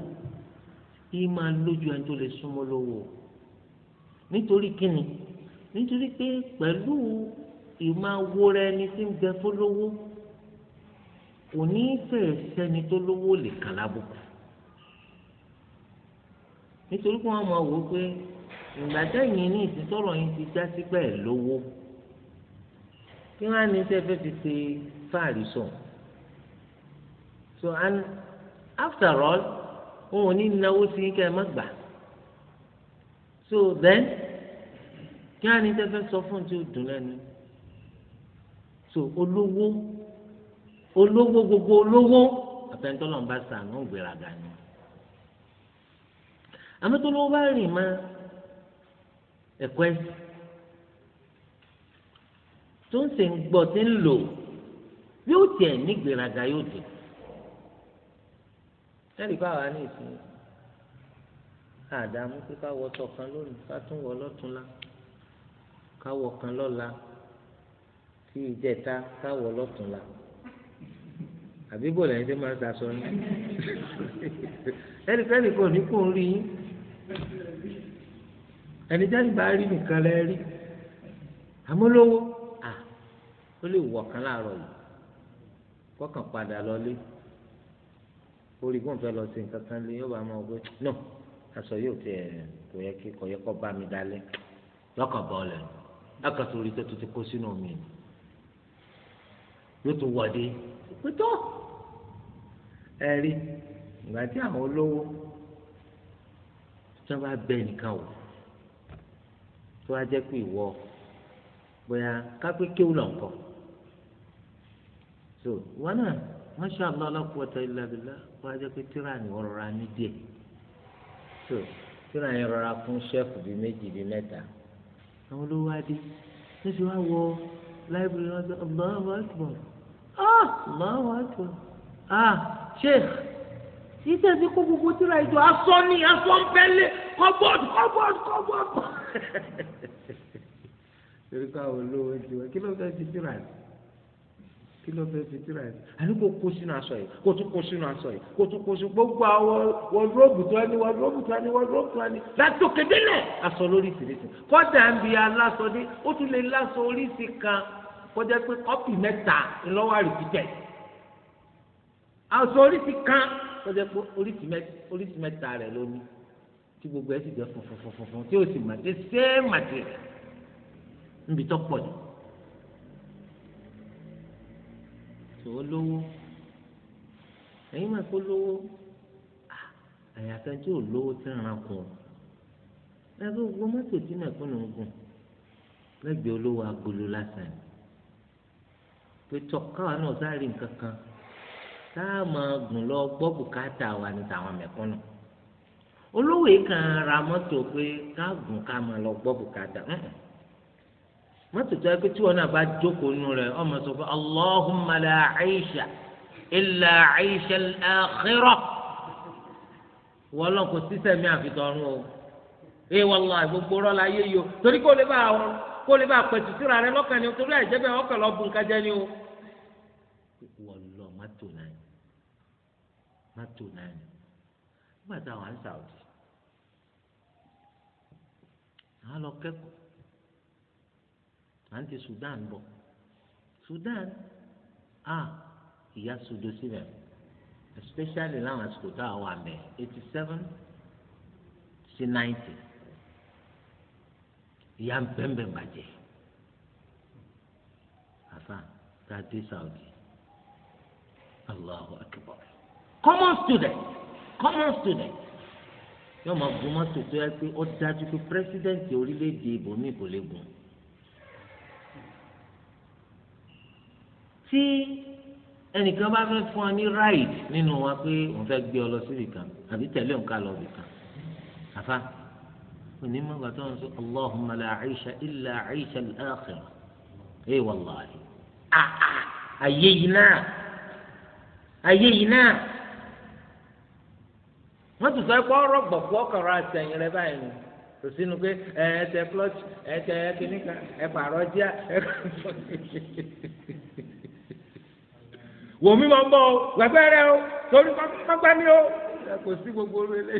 yìí máa lójú ẹni tó lè súnmọ́ lówó nítorí kíni nítorí pé pẹ̀lú ìmáwóra ẹni tí ń bẹ fólówó kò ní í fẹ́ sẹ́ni tó lówó lè kàn lábùkù nítorí pé wọ́n máa wò ó pé ìgbà tẹ̀yìn ní ìsísọ̀rọ̀ yín ti já sí pẹ́ lówó kí wọ́n á ní sẹ́ fẹ́ fi ṣe fáàrí sùn so and after all òun ò ní náwó sí kẹ́ ẹ má gbà so then kí wọ́n á ní sẹ́ fẹ́ sọ fún tí ó dùn lẹ́nu so olówó olówó gbogbo olówó àtẹnudọ́lọ́mùbá sàn ń gbéraga ni àmọ́ tó lówó bá rìn máa ẹ̀kọ́ ẹ̀sìn tó ń sè ń gbọ́ tí ń lò yóò tiẹ̀ nígbèraga yóò dé ẹnì kan wà ní ìsinmi àdàmú pé ká wọ sọ̀kan lónìí ká tún wọ lọ́túnla ká wọ kan lọ́la tí ìjẹta ká wọ lọ́túnla àbí bò lẹ́yìn tí máa ń sasọ ní ẹnì kan ní kò ní kò ń rí yín ẹni jáde bá rí nìkan lẹ rí àmúlówó à ó lè wọ̀ kan láàárọ̀ yìí kọ́kàn padà lọlé orí kò ń fẹ́ lọ sí nǹkan kan lé yóò bá máa wọ no aṣọ yóò tẹ kò yẹ kí kò yẹ kó bá mi dalẹ̀ lọ́kàn bọ́ọ̀lẹ̀ lọ́kàn sórí tó tún ti kó sínú mi yóò tún wọ̀dé pétọ́ ẹ̀rí ìgbà tí àwọn olówó tí wọ́n bá bẹ nìkan wò tó wá jẹ́ pé ìwọ bóyá kápẹ́ kéwù lọ nǹkan so wọn náà masha allah la quwwata illa billah wọ́n á jẹ́ pé tíra ni wọ́n rọra ní díẹ̀ so tíra yẹn rọra fún sẹ́ẹ̀fù bíi méjì bíi mẹ́ta àwọn olówó adé ló ti wá wọ láìbìrì wọn sọ allahu akbar ah allahu akbar ah sheikh yìí tẹ̀sí kó gbogbo tíra yìí tó asọ́ ni asọ́ ń bẹ́lẹ̀ torí pé àwọn olówó ti wọ kí ló fẹ́ fi tíra sí kí ló fẹ́ fi tíra sí àní kò kó sínú aṣọ yìí kó tún kó sínú aṣọ yìí kó tún kó sínú gbogbo àwọn wọdúróòbù tó ẹni wọdúróòbù tó ẹni wọdúróòbù tó ẹni látòkè délẹ̀ aṣọ lórí ìṣèlérí kọ́dà ń bi aláṣọ dé ó tún lè láṣọ oríṣi kan kọjá pé kọ́pì mẹ́ta ńlọ́wọ́ àrùkítẹ̀ aṣọ oríṣi kan kọjá pé oríṣi mẹ́ta rẹ̀ lónìí tí gbogbo ẹ sì jẹ́ fọfọfọfọ tí o sì mà dé same material níbi tó pọ̀ jù tó lówó ẹ̀yin máa kó lówó àyàtọ̀ tí ò lówó tí ń ran kù ẹ bí gbogbo mọ́tò tí mẹ̀kúnnù ń gùn lẹ́gbẹ̀ẹ́ olówó agolo lásán pé tọ́káwá náà sáré nǹkan kan tá a máa gùn lọ gbọ́ bùkátà wa ní tàwọn mẹ̀kúnnù olówó yìí kan ra mọ́tò pé ká gùn ká máa lọ gbọ́ bùkátà mọ́tò tó yẹ pé tí wọn náà bá jókòó nù rẹ̀ ọmọ sọ fún Allahumma la aisha illa aisha al-akhirah wọ́n lọ kó sísẹ̀ mi àfitọ́run o ee wallahi gbogbo rọ́lá yé yo torí kó lè bá àwọn kó lè bá pẹ̀tù síra rẹ lọ́kàn ni o torí àìjẹ́ bẹ́ẹ̀ ọkàn lọ bùn kájẹ́ ni o. wọ́n lọ mọ́tò náà mọ́tò náà nígbà táwọn ń sàwọ́dì à á lọ kẹ́kọ̀ọ́ à ń ti Sudan bọ̀ Sudan a ìyá sodo síbẹ̀ especially láwọn àsìkò tá a wà mẹ́ eighty seven sí ninety ìyá ń bẹ́ẹ̀ bàjẹ́ àfa tá a dé Saudi Allahu Akbar common student common student yóò máa gun mọ́tò tó yẹ pé ó dájú pé pírẹsidẹ́ǹtì orílẹ̀-èdè ibòmí kò lè gùn. tí ẹnìkan bá fẹ́ fún ọ ní ráìdì nínú wa pé òun fẹ́ gbé ọ lọ síbi kan àbí tẹ̀lé òun ká lọ síbi kan àfa onímọ̀ gbàtọ́ ń sọ allahumma la aisha illa aisha al-akhirah ee wàllahi àà ah, ah, ayé yìí náà ayé yìí náà wọ́n tún sọ pé ọ̀rọ̀ gbọ̀kú ọkọ̀rọ̀ àtẹ̀yìn rẹ báyìí ni kò sínú pé ẹ clutch ẹ tẹ ẹ kan ẹ pààrọ̀ díà ẹ wò mí máa ń bọ̀ gbẹgbẹ́ rẹ o torí pápá ni o kò sí gbogbo orí ilé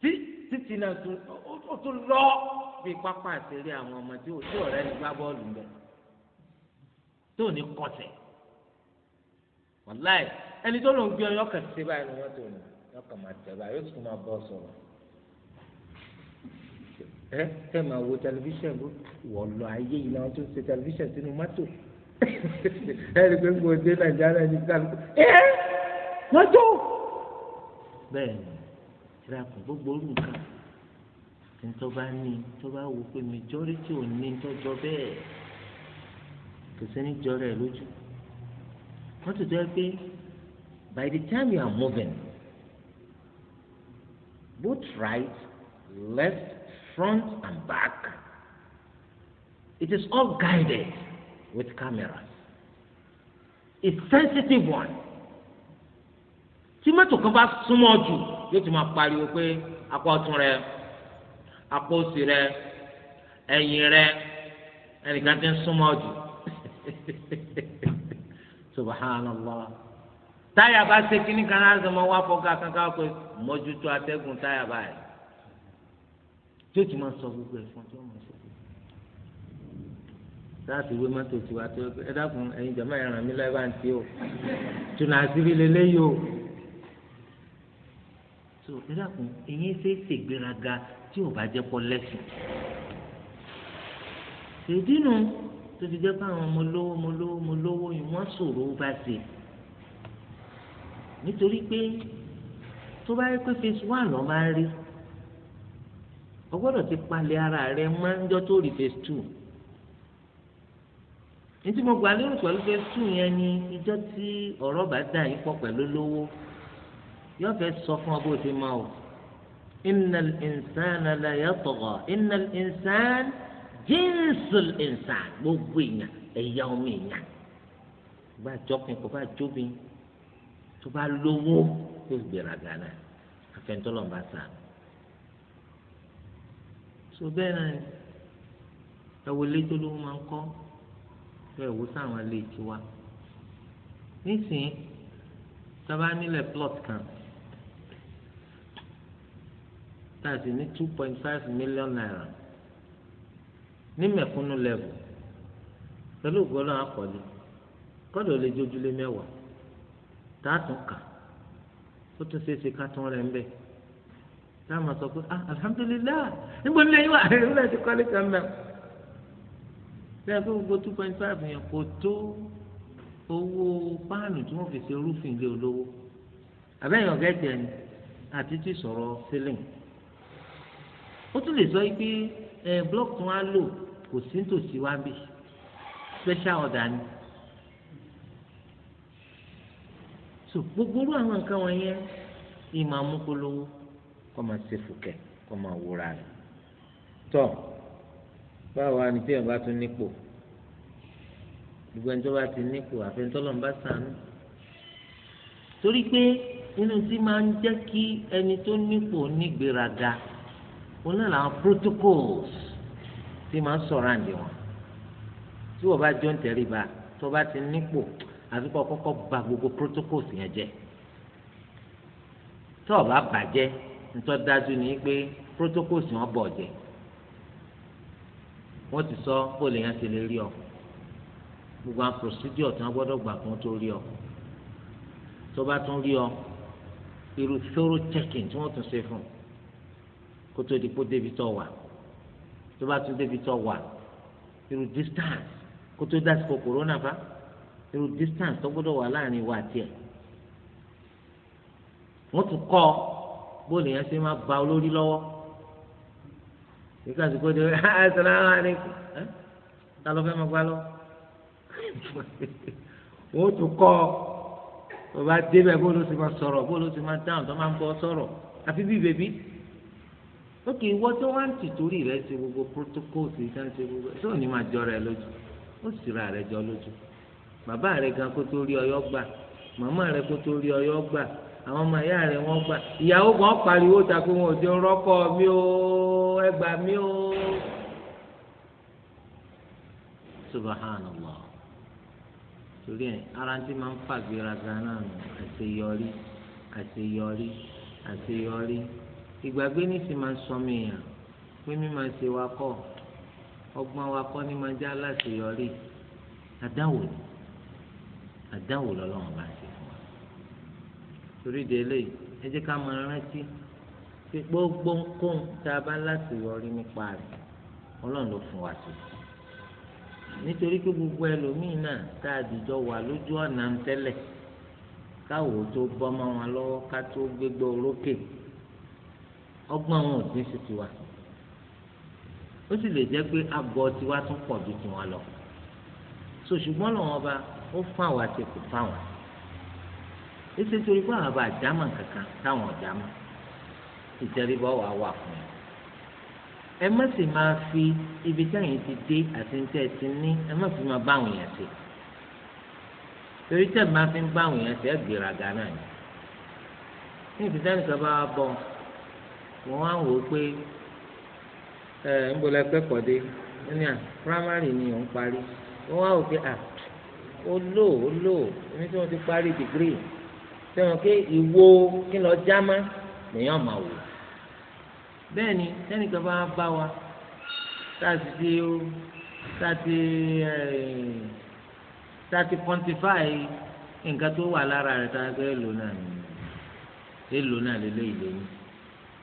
tí títí náà tún ó tún lọ bí pápá àtẹ̀rí àwọn ọmọ tí ọ̀rẹ́ ní gbá bọ́ọ̀lù ń bẹ̀ tó ní kọsẹ̀ wàláì ẹni tó ló ń gbé ọyọ́ kàn ṣe báyìí lọ́wọ́ tó ní yọ kàn máa tẹ̀ báyìí yóò tún máa bọ́ sọ̀rọ̀ ẹ tẹ máa wo tẹlifíṣàn bó wọ́n lọ ayé yìí làwọn tó ń ṣe tẹlifíṣàn sínú mọ́tò ẹ rí i pé kò dé nàìjíríà ní kálukú ẹ mọ́tò bẹ́ẹ̀ ni ìrapọ̀ gbogbo olùkà tó bá ní tó bá wò pé majority ò ní tọ́jọ́ bẹ́ẹ̀ kò sẹ́ni jọra ẹ̀ lójú wọ́n ti jẹ́ pé by the time you are moving, both right, left, front, and back, it is all guided with cameras. It's sensitive one. tí mọ́tò kan bá súnmọ́ jù yóò ti máa pariwo pé apá ọ̀tún rẹ apá òsì rẹ ẹ̀yìn rẹ ẹnìkan ti ń súnmọ́ jù subhanallah táyà bá ṣe kíní kan láti ọmọ wa fọgá kankan pé mójútó atẹ́gùn táyà báyìí tí ó ti máa sọ gbogbo ẹ̀ fún tí ó máa sọ gbogbo ẹ̀ láti wé mọ́tò tiwa tó ẹ dákun ẹ̀yin jàmbá yẹn ràn mí lọ́wọ́ bá ń tí o tùnà àṣírí lélẹ́yìí o tó ẹ dákun ẹ̀yin ṣe é ṣègbéraga tí ò bá jẹ́ pọ́ lẹ́sìn ṣèdínú tó fi jẹ́ pé àwọn ọmọ olówó ọmọ olówó ọmọ olówó yìí wọ́n ṣòro bá ṣe nítorí pé tó bá yẹ pé phase one lọ máa rí o gbọ́dọ̀ ti palẹ̀ ara rẹ máa ń jọ tó rí phase two nítí mo gbà lérò pẹ̀lú phase two yẹn ni ìjọ tí ọ̀rọ̀ bá dà yín pọ̀ pẹ̀lú lówó yóò fẹ́ sọ fún ọ bó ti máa o innal insana la yatgha innal insan jinsul insan gbogbo èèyàn ẹ̀yà ọmọ èèyàn bá jọkùn kó bá jóbin tó bá lówó yóò gbéraga náà afẹ́ntọ́lọ́ bá sàn. so bẹ́ẹ̀ náà ẹ̀wọ̀ létí olówó máa ń kọ́ bẹ́ẹ̀ wò sáwọn ilé tiwa nísìnyí sábà nílẹ̀ plot kan láti ní two point five million naira ní mẹ̀kúnnù level pẹ̀lú ògbọ́n náà akọ̀lé kọ́dọ̀ lè jójúlé mẹ́wàá tààtún kà ó tún ṣe é ṣe ká tún rẹ̀ ń bẹ̀ tá a máa sọ pé ah alhamdulilah níbo ni lẹ́yìn wà ẹ̀rọ ẹ̀ ti kọ́lé kan mẹ́ bẹ́ẹ̀ pé gbogbo two point five yẹn kò tó owó páànù tí wọ́n fi ṣe rúfin ilé olówó àbẹ́yẹn ọ̀gá ẹ̀jẹ̀ àti tí sọ̀rọ̀ sílẹ̀ ó tún lè sọ pé ẹ̀ eh, blọọkì tí wọ́n á lò kò sí nítòsí wá bí special order ni. so gbogbo irú àwọn nǹkan wọ̀nyẹn ìmọ̀ amúkólówó kọ́ máa ṣe fùkẹ́ kọ́ máa wúra rẹ̀ tọ́ báwo ni bí ẹ̀ bá tún nípò gbogbo ẹni tó bá ti nípò àfẹnitọ́lọ́n bá sànú torí pé inú tí máa ń jẹ́ kí ẹni tó nípò nígbéraga wọn náà làwọn protocols tí máa ń sọ̀rọ̀ àǹdí wọn tí wọ́n bá jọ ń tẹríba tó bá ti nípò àfi kọ́ kọ́kọ́ ba gbogbo protocols yẹn jẹ́ tó o bá bàjẹ́ ntọ́ dájú ni pé protocols yẹn bọ̀ jẹ́ wọ́n ti sọ kó lè yẹn ti lè rí ọ gbogbo àwọn procedure tí wọ́n gbọ́dọ̀ gbà kún tó rí ọ tó bá tún rí ọ irú thorough checking tí wọ́n tún ṣe fún kó tó di kó débi tó wà tó bá tún débi wà irú distance kó tó dásìkò corona fa irú distance tó gbọ́dọ̀ wà láàrin ìwà àti ẹ̀ wọ́n tún kọ́ bóòlù yẹn ṣe máa ba olórí lọ́wọ́ nígbà tí kò dé ẹ sọ̀rọ̀ àwọn àní ẹ ta ló fẹ́ máa gbá lọ wọ́n tún kọ́ bàbá débẹ̀ bóòlù sì máa sọ̀rọ̀ bóòlù sì máa dáhùn tó máa ń bọ́ sọ̀rọ̀ àfi bí bèbí lókè ìwọ tó wá ń tìtorí rẹ ṣe gbogbo protocol ṣe ṣe gbogbo ẹ tó ní máa jọra ẹ lójú ó sì ra rẹ jọ lójú bàbá rẹ gan kó tó rí ọyọ gbà màmá rẹ kó tó rí ọyọ gbà àwọn ọmọ ìyá rẹ wọn gbà ìyàwó kan pariwo ta pé wọn ò di rọkọ mi ó ẹgbà mi ó subahánàlá torí ẹ ara ti máa ń fàgbéraga náà nù àṣeyọrí àṣeyọrí àṣeyọrí ìgbàgbé nísìnyí máa ń sọmi èèyàn pé mi máa ṣe wakọ ọgbọ́n wakọ ni máa já láṣeyọrí àdáwò ni àdáwò lọ́lọ́run bá ń ṣe fún wa torí de eléyìí ẹ jẹ́ ká máa rántí pé gbogbo nǹkan tá a bá láti yọrí nípa rẹ̀ ọlọ́run ló fún wa sí nítorí pé gbogbo ẹlòmíín náà tá a dìjọ wà lójú ọ̀nà ń tẹ́lẹ̀ káwo tó bọ́ mọ́ wọn lọ́wọ́ ká tó gbégbá orókè ọgbọ́n wọn ò dín sí tiwa ó sì lè jẹ́ pé àgọ́ tiwa tún pọ̀ ju tiwọn lọ so ṣùgbọ́n lọ́wọ́ bá ó fún àwọn àti kò fáwọn èsì torí pé àwọn bá jámà kankan táwọn jámà ìtẹríba wà wà fún yẹn ẹ má sì máa fi ibi táyìn ti dé àti ní tẹ́ ti ní ẹ má fi máa bá àwọn yẹn ṣe torí tẹ́ máa fi ń bá àwọn yẹn ṣe ẹ gbéraga náà ni ní ìdí táyìn kan bá wà bọ̀ wọ́n wá wò ó pé ẹ ń bọ̀ lẹ́kọ̀ọ́ dé ní à primary ni òun parí wọ́n wá wò ó pé à ó lo, ó lo, èmi tí wọ́n ti parí dìgírì sẹ́wọ̀n pé ìwo kí lọ jámá lèyàn máa wò bẹ́ẹ̀ ni sẹ́nìkan bá bá wa sáàtì tí ó sáàtì ẹ̀ sáàtì pọ́ntífàì nǹkan tó wà lára rẹ̀ sáà pé èlò náà ni èlò náà lélẹ́yìí lẹ́yìn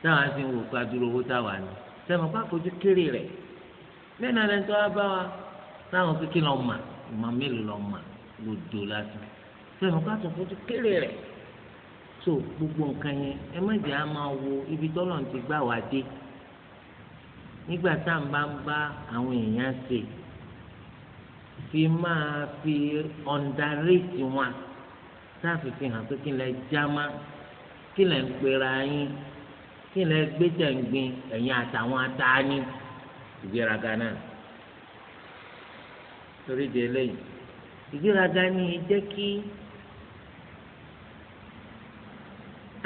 táwọn á sì ń wò ká dúró owó táwa ni sẹ́wọ̀n pàkó ojú kéré rẹ̀ bẹ́ẹ̀ náà lẹ́ńtọ́ á bá wa táwọn kékeré lọ́ọ́ mà ìmọ̀ mélòó lọ́ọ́ mà lòdò lásán fẹ́ràn ká tó fojú kéré rẹ̀ tó gbogbo nǹkan yẹn ẹ má jẹ́ á máa wo ibi tọ́lọ̀ ti gbà wá dé nígbà tá à ń bá ń bá àwọn èèyàn ṣe fi máa fi ọ̀ndàrẹ́tì wọn tá a fi fi hàn pé kí n lè já kí n lè gbéra yín kí n lè gbé jẹ̀ǹgbin ẹ̀yìn àtàwọn atáni ìgbéraga náà torí di eléyìí ìgbéraga ni jẹ́ kí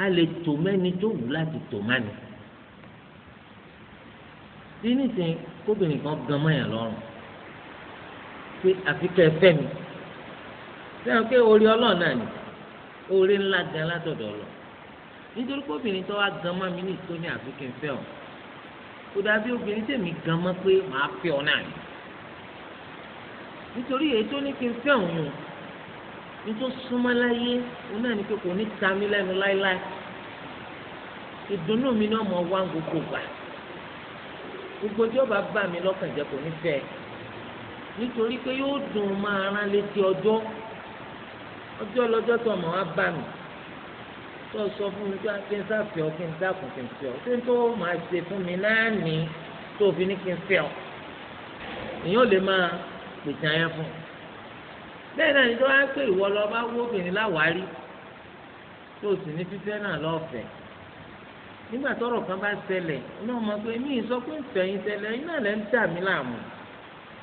a lè tò mẹ́ni tó wù láti tò mẹ́ni bí nísìnyí kóbìnrin kan gan mọ́yàn lọ́rùn pé àfikẹ́ fẹ́ mi sẹ́wọ̀n pé orí ọlọ́run náà ni orí ńlá gan látọ̀dọ̀ lọ nítorí kóbìnrin tó wá gan mọ́ mi ní ìtòní àfikẹ́ fẹ́ ọ kódà bí obìnrin tèmi gan mọ́ pé màá fẹ́ ọ náà ni nítorí èyí tó ní kí n fẹ́ òun yàn ní tó súnmọ́ láyé òun náà ní pé kò ní ta mí lẹ́nu láéláé ìdùnnú mi náà mọ̀ wá gbogbo gbà gbogbo tí ó bá bà mí lọ́kàn jẹ́ kò ní fẹ́ nítorí pé yóò dùn máa rán létí ọjọ́ ọjọ́ lọ́jọ́ tó ọmọ wa bá mi tó sọ fún mi pé kí n sáfẹ́ ọ kí n dákun kí n fẹ́ ọ tí n tó máa ṣe fún mi náà ní tó fi ní kí n fẹ́ ọ ìyẹn ò lè máa pèsè ayé fún un bẹ́ẹ̀ náà níjọ́ wá pé ìwọ lọ bá wó obìnrin láwárí tó o sì ní fífẹ́ náà lọ́fẹ̀ẹ́ nígbà tọ́rọ̀ kan bá ṣẹlẹ̀ náà mọ̀ pé mí sọ pé ìfẹ̀yìn ṣẹlẹ̀ yín náà lẹ́ ń dà mí láàmú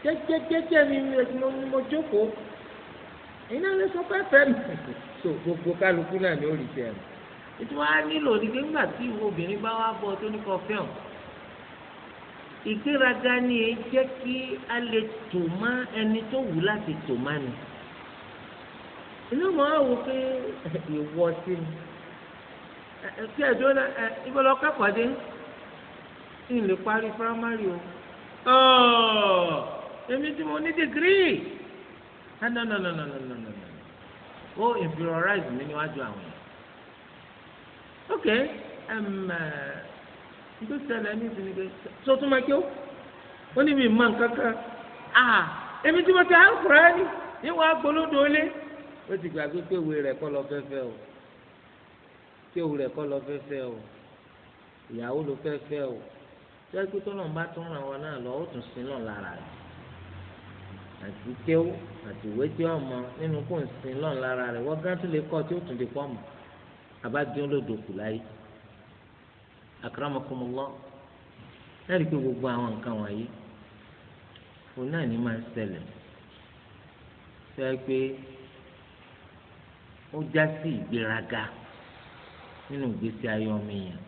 jẹ́jẹ́jẹ́jẹ́ mi mo jókòó yín náà lè sọ pé fẹ́ mi tó gbogbo kálukú náà ni ó rí fẹ́ mi ìtura nílò ní pé nígbà tí ìwọ obìnrin bá wá bọ́ tó ní kọ ìgbéraga ni e jẹ́ kí a lè tò má ẹni tó wù láti tò má ni inú mọ́ á wò pé ìwọ sí ni kí ẹ̀dọ́ náà ibẹ̀ lọ kẹ́kọ̀ọ́ dé kí n lè parí primary o èmi tí mo ní degree ah, no no no no no no no ó inferiorize mi níwájú àwọn yẹn ok. Um, uh, tó ṣẹlẹ̀ ní ìsinmi pé sọ máa kí ó ó ní mi mọ nǹkan ah èmi tí mo ti àkùrẹ́ ni níwọ̀n agbolódò lé ó ti gbàgbé pé òwe rẹ̀ kọ́ lọ fẹ́fẹ́ o pé òwe rẹ̀ kọ́ lọ fẹ́fẹ́ o ìyàwó ló fẹ́fẹ́ o jẹ́ pé tọ́lọ̀ ń bá tún ràn wọn náà lọ ó tún sin lọ lára rẹ̀ àti kéwú àti ìwé tí ó mọ nínú kó ń sin lọ lára rẹ̀ wọ́n gán tún lè kọ́ tí ó tún lè kọ́ mọ́ abájọ́ lòdòkù láyé akramakumullah láti pé gbogbo àwọn nǹkan wọ̀nyí fún náà ní máa ń ṣẹlẹ̀ sọ pé ó já sí ìgbéraga nínú ìgbésí ayé ọmọ èèyàn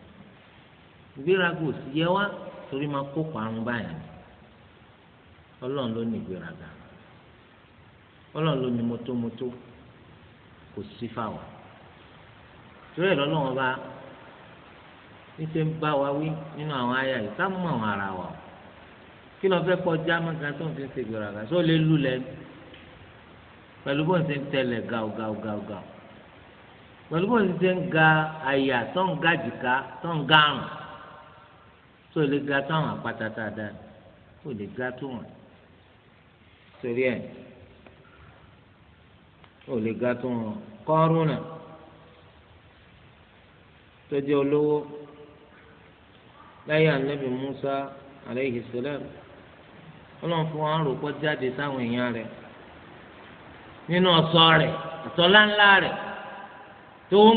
ìgbéraga ò sì yẹ wá torí máa kó parun báyìí ọlọ́run ló ní ìgbéraga ọlọ́run ló ní mọ́tómọ́tó kò sí fáwọn torí ẹ̀ lọ́lọ́run bá níṣẹ́ ń bá wa wí nínú àwọn àyà yìí ká mọ̀ àwọn ara wa kí lọ fẹ́ kọjá mọ́gàn tó ń fi ń ṣe gbèràgà só lè lulẹ̀ pẹ̀lú bó ń ṣe ń tẹ̀lẹ̀ gàù gàù gàù gàù pẹ̀lú bó ń ṣe ń ga àyà tó ń ga jìká tó ń ga àrùn tó lè ga tó àwọn àpáta tá a dá tó lè ga tó wọn torí ẹ̀ ó lè ga tó wọn kọ́rùn náà tó jẹ́ olówó láyé anabi musa aleyhi salam ọlọ́run fún wa ń rògbọ́ jáde sáwọn èèyàn rẹ̀ nínú ọ̀sọ́ rẹ̀ ọ̀sọ́lá ńlá rẹ̀ tó ń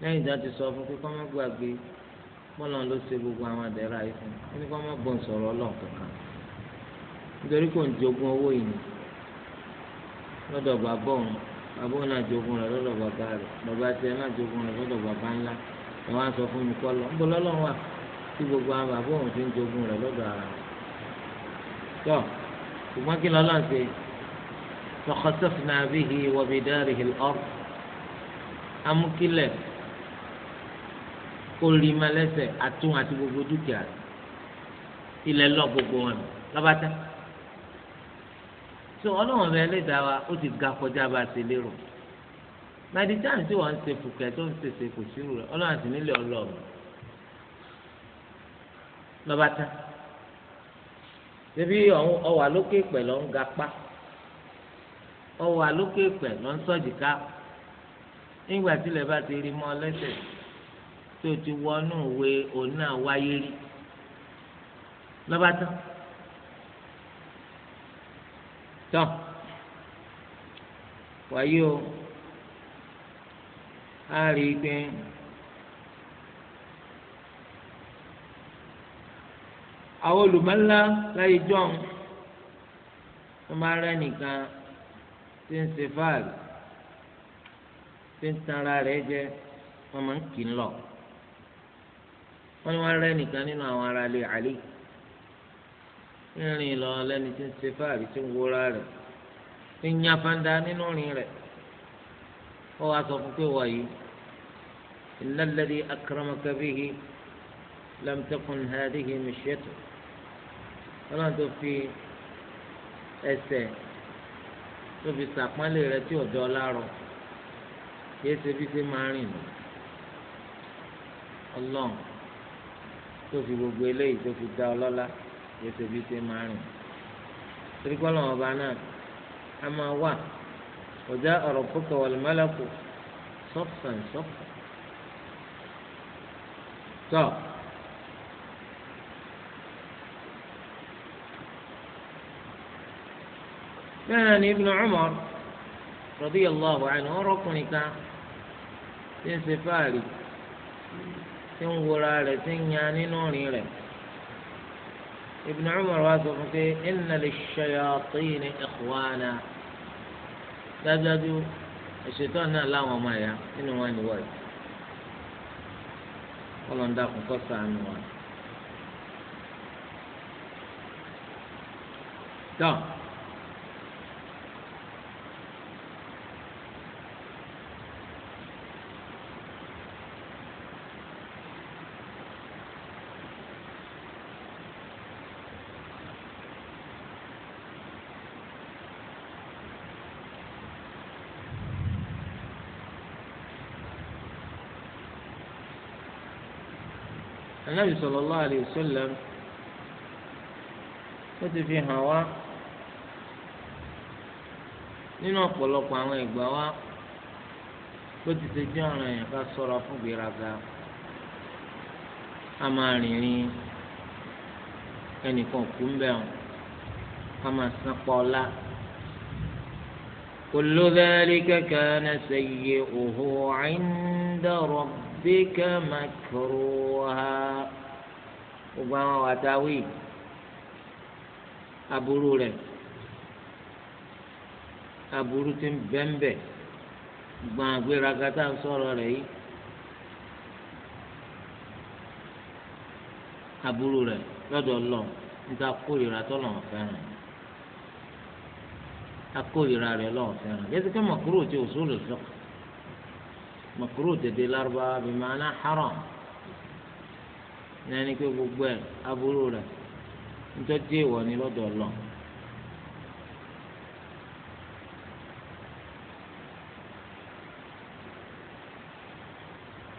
lẹ́yìn ìjà ti sọ fún pé kọ́ má gbàgbé bọ́lá ló ṣe gbogbo àwọn àdẹ́rà yìí fún un ó ní kọ́ má bọ̀ sọ̀rọ̀ ọlọ́run kankan nítorí kò ń jogún owó yìí lọ́dọ̀ bàbá òun bàbá òun náà jogún rẹ̀ lọ́dọ̀ bàbá rẹ̀ bàbá tiẹ̀ náà jogún rẹ̀ lọ́dọ̀ bàbá ńlá ni wọ́n á sọ fún mi kọ́ lọ ńbọ lọ́lọ́run wà tí gbogbo àwọn bàbá òun ti ń jogún rẹ̀ lọ́dọ̀ ara wọn. tọ́ ṣùgbọ́n kí lọ́lọ́run ṣe fọkọsọ́fìnà bihi wa bidarihi al-ard amúkílẹ̀ kó rí ma lẹ́sẹ̀ àtún àti gbogbo dúkìá ilẹ̀ lọ gbogbo wọn lọ́bátá. tó ọlọ́run rẹ̀ lè dá wa ó ti ga kọjá bá a ti lérò mẹdíjáàni tí wọn ń ṣe fùkẹ tó ń ṣe ṣe kò sírù rẹ Ọlọ́run àti nílé Ọlọ́run lọba tán ṣebí ọwà lókè pẹ lọ ń ga pa ọwà lókè pẹ lọ ń sọjìká nígbà tílẹ̀ bá ti rí mọ́ lẹ́sẹ̀ tó ti wọnú ìwé òun náà wáyé rí lọba tán tán wáyé o á rí i pé àwọn olùmọ̀lá láyé jọ́n wọ́n máa rẹ́ nìkan tí ń ṣe fáàlì tí ń tanra rẹ̀ jẹ́ wọ́n máa ń kì í lọ wọ́n ní wọ́n rẹ́ nìkan nínú àwọn ará ilé àlè ń rìn lọ lẹ́ni tí ń ṣe fáàlì tí ń wúra rẹ̀ ń yan fanda nínú rìn rẹ̀ wọ́n wá sọ fún pé wàyí inna alladhi akramaka bihi lam takun hadhihi mishyatu wọ́n náà tó fi ẹsẹ̀ tó fi sàpọ́nlé rẹ tí ọ̀dọ́ lárọ̀ kìí ṣe bí ṣe máa rìn lọ ọlọ́run tó fi gbogbo eléyìí tó fi dá ọlọ́lá kìí ṣe bí ṣe máa rìn torí pé ọlọ́run ọba náà a máa wà. وجاء ربك والملك صفا صفا طب يعني ابن عمر رضي الله عنه ركنك تنسفاري تنورا لتنياني نوني لك ابن عمر واسف إن للشياطين إخوانا dájúdájú ìṣètò náà láwọn ọmọ ẹ̀yà nínú wọn ni wọ́ọ̀yì ọlọ́ńdà kò kọ́ sànù wọn. dọ́ọ̀. anabi صلى الله عليه وسلم ó ti fi hàn wá nínú ọ̀pọ̀lọpọ̀ àwọn ìgbà wa bó ti ṣe jẹ́ ọ̀ràn yẹn ká ṣọ́ra fún gbéraga a máa rìnrìn ẹnìkan kú ń bẹ̀ wọn máa san pa ọlá. kullu dhalika kana sayyi'uhu 'inda rabb. ربك مكروها gbogbo àwọn wàtáwì aburú rẹ̀ aburú ti ń bẹ́ńbẹ́ gbọ́n àgbéraga tá à ń sọ̀rọ̀ rẹ̀ yìí aburú rẹ̀ lọ́dọ̀ lọ níta kórìíra tó lọ́wọ́ fẹ́ràn akórìíra rẹ̀ lọ́wọ́ fẹ́ràn yẹ́sì kí ọmọkúrò tí òṣùlù sọ̀kọ̀. مفروض دي الأربعة بمعنى حرام يعني كي بقبل أبولو له انت تجيواني لو دولون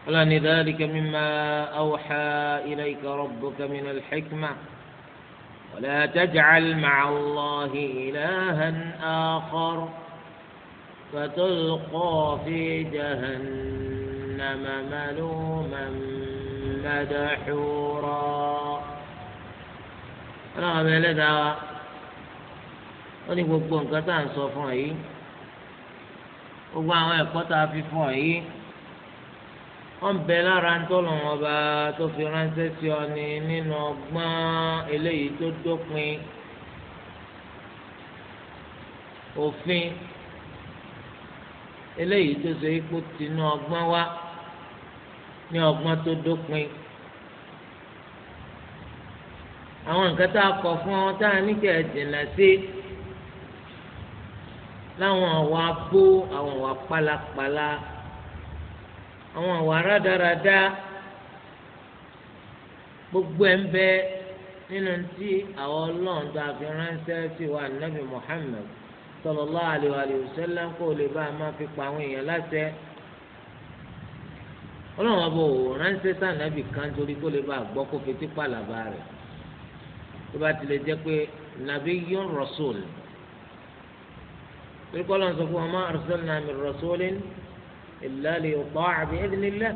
ولأن ذلك مما أوحى إليك ربك من الحكمة ولا تجعل مع الله إلها آخر فتلقى في جهنم ملوما مدحورا ọlọ́run ọba ẹlẹ́dàá wa ó ní gbogbo gbogbo àwọn ẹ̀kọ́ tá a fi fún ọ yìí wọ́n bẹ lára ń tọ́lọ̀ wọn ọba tó fi ránṣẹ́ sí ọ ní nínú ọgbọ́n eléyìí tó dópin òfin eléyìí tó so ikú tinú ọgbọ́n wá ní ọgbọ́n tó dópin àwọn nǹkan tá a kọ fún ọ tá a ní kẹ́ ẹ dènà sí láwọn àwa bó àwọn àwa pálapàla àwọn àwa rádaràda gbogbo ẹ̀ ń bẹ nínú tí àwọn ọlọ́run tó a fi ránṣẹ́ sí wa nàbì Muhammad sallallahu alaihi wa sallam kó o lè bá a máa fi pa àwọn èèyàn láṣẹ ọlọ́run ọba ò ránṣẹ́ sànàbì kan torí kó lè bá a gbọ́ kó fetí pàlàbà rẹ̀ tó bá tilẹ̀ jẹ́ pé nabiyyun rasul torí kọ́ lọ́n sọ fún wa ma arsalna min rasulin illa liyuta'a bi idhnillah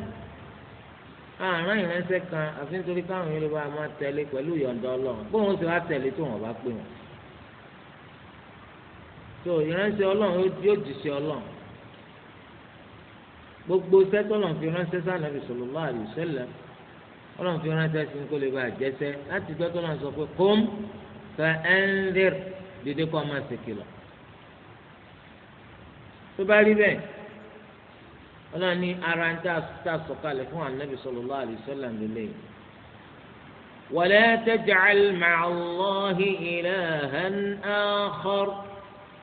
àárín ìránṣẹ́ kan àfi nítorí káwọn yẹn lè bá a máa tẹ̀lé pẹ̀lú ìyọ̀ǹda ọlọ́run bóun ti wá tẹ̀lé tó wọn bá pè wọ́n tó ìránṣẹ́ ọlọ́run yóò jíṣẹ́ ọlọ́run gbogbo sẹ́tọ̀lọ́n fi ránṣẹ́ sànàbì sallallahu alaihi wasallam ọlọ́run fi ránṣẹ́ sí kó lè bá àjẹsẹ́ láti gbẹ́tọ̀lọ́n sọ pé qum fa anzir dídé kọ́ máa ṣe kìlọ̀ tó bá rí bẹ́ẹ̀ ọlọ́run ní ara ń tà sọ̀kalẹ̀ fún ànábì sallallahu alaihi lélẹ̀ wala taj'al ma'a Allahi ilahan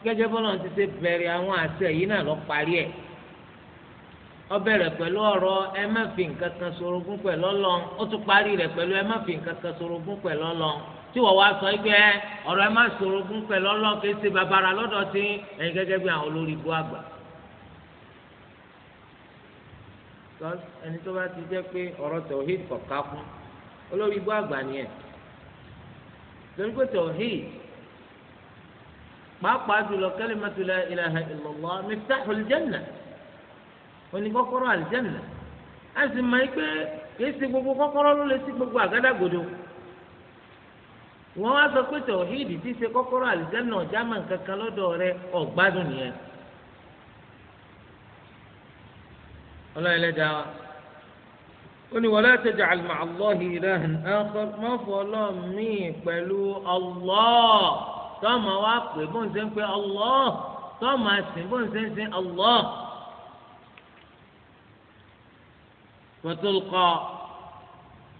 gẹ́gẹ́ bọ́lá ti ṣe bẹ̀rẹ̀ àwọn àṣẹ yìí náà lọ parí ẹ̀ ó bẹ̀rẹ̀ pẹ̀lú ọ̀rọ̀ ẹ má fi nǹkan kan ṣorogún pẹ̀lú Ọlọ́run ó tún parí rẹ̀ pẹ̀lú ẹ má fi nǹkan kan ṣorogún pẹ̀lú Ọlọ́run tí wọ́n wá sọ pé ọ̀rọ̀ ẹ má ṣorogún pẹ̀lú Ọlọ́run kì í ṣe bàbàrà lọ́dọ̀ tí ẹ̀yin gẹ́gẹ́ bí àwọn olórí ibú àgbà. ẹni tó bá ti jẹ́ pé ọ̀rọ̀ tọ̀híd kọ̀ọ̀ká fún olórí ibú àgbà nìyẹn torí pé tọ̀híd pàápàá jùlọ kalimatu la ilaha illallah miftahul janna oní kọ́kọ́rọ́ àlìjẹ́nà a sì mọ̀ pé kìí sí gbogbo kọ́kọ́rọ́ ló lè sí gbogbo àgádágodo wọ́n wá sọ pé tọ̀hídì tí ṣe kọ́kọ́rọ́ àlìjẹ́nà ọ̀já mọ̀ kankan lọ́dọ̀ rẹ ọ̀gbádùn nìyẹn. ọlọ́run ẹlẹ́dàá wa ó ní wala taj'al ma'a Allahi ilahan akhar má fọ ọlọ́run míì pẹ̀lú Allah tọ́ọ̀mà wa pè bó ń ṣe ń pè Allah tọ́ọ̀mà sìn bó ń ṣe ń sìn Allah. فتلقى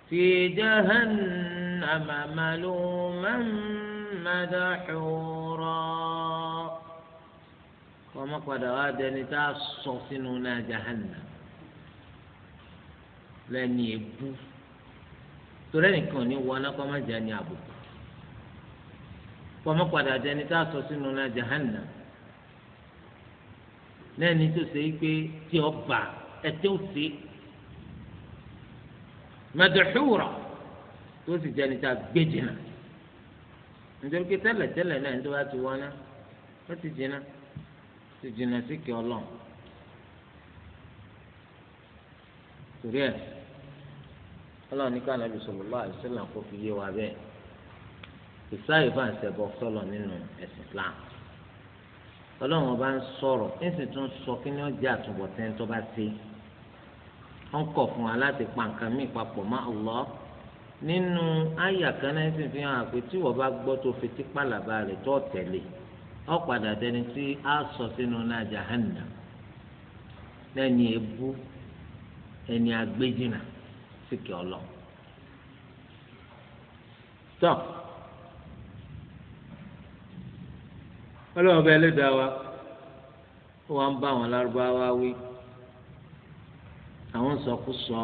في جهنم ملوما مدحورا وما قد وادني تاسوسنا جهنم لن يبو ترى نكون وانا كما جاني ابوك fọmọ padà jẹni tá a sọ sínú náà jahanna lẹ́ni tó ṣe é pé tí ọ bà ẹtẹ́ ò sí mẹdùhúrà tó sì jẹni tá a gbé jìnnà nítorí pé tẹ́lẹ̀tẹ́lẹ̀ náà ní tó bá ti wọ́n náà ó ti jìnnà ti jìnnà sí kí ọlọ́run torí ẹ ọlọ́run ní ká nàbì sallallahu alaihi wasallam kó fi yé wa bẹ́ẹ̀. ìsáyè bá ń ṣẹbọ sọlọ nínú ẹ̀sìn Islam Ọlọ́run bá ń sọ̀rọ̀ ẹ̀sìn tó ń sọ kí ni ó jẹ́ àtúbọ̀tán tó bá ṣe wọ́n kọ̀ fún wa láti pa nǹkan míì papọ̀ mọ́ nínú àyà kan náà ẹ̀sìn fi hàn pé tí wọ́n bá gbọ́ tó fetí pàlàbà rẹ̀ tó tẹ̀lé ó padà dẹni tí a sọ sínú náà jahanna lẹ́ni ebú ẹni agbéjìnà ọlọ́run bẹ ẹlẹ́dàá wa ó wá ń bá àwọn lárúbáwá wí àwọn sọkúsọ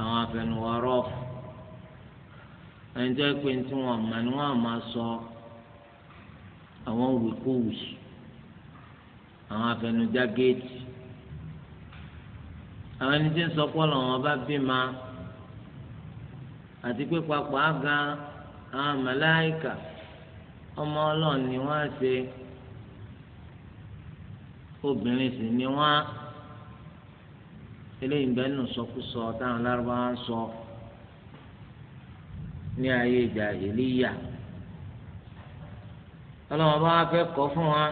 àwọn afẹnuwarọ ẹni tó pé tí wọn mọ ni wọn máa sọ àwọn wìkúwì àwọn afẹnujá géètì àwọn ẹni tí ń sọ pọ́ lọ́wọ́ bá bímọ àti pé papọ̀ á gan àwọn màláíkà ọmọ ọlọ́run ni wọ́n á ṣe obìnrin sì ni wọ́n á eléyìí ń bẹ́ẹ̀ nù sọkúsọ táwọn lárúbáwá ń sọ ní ayé ìjà èlíyà ọlọ́run bá wá fẹ́ kọ́ fún wa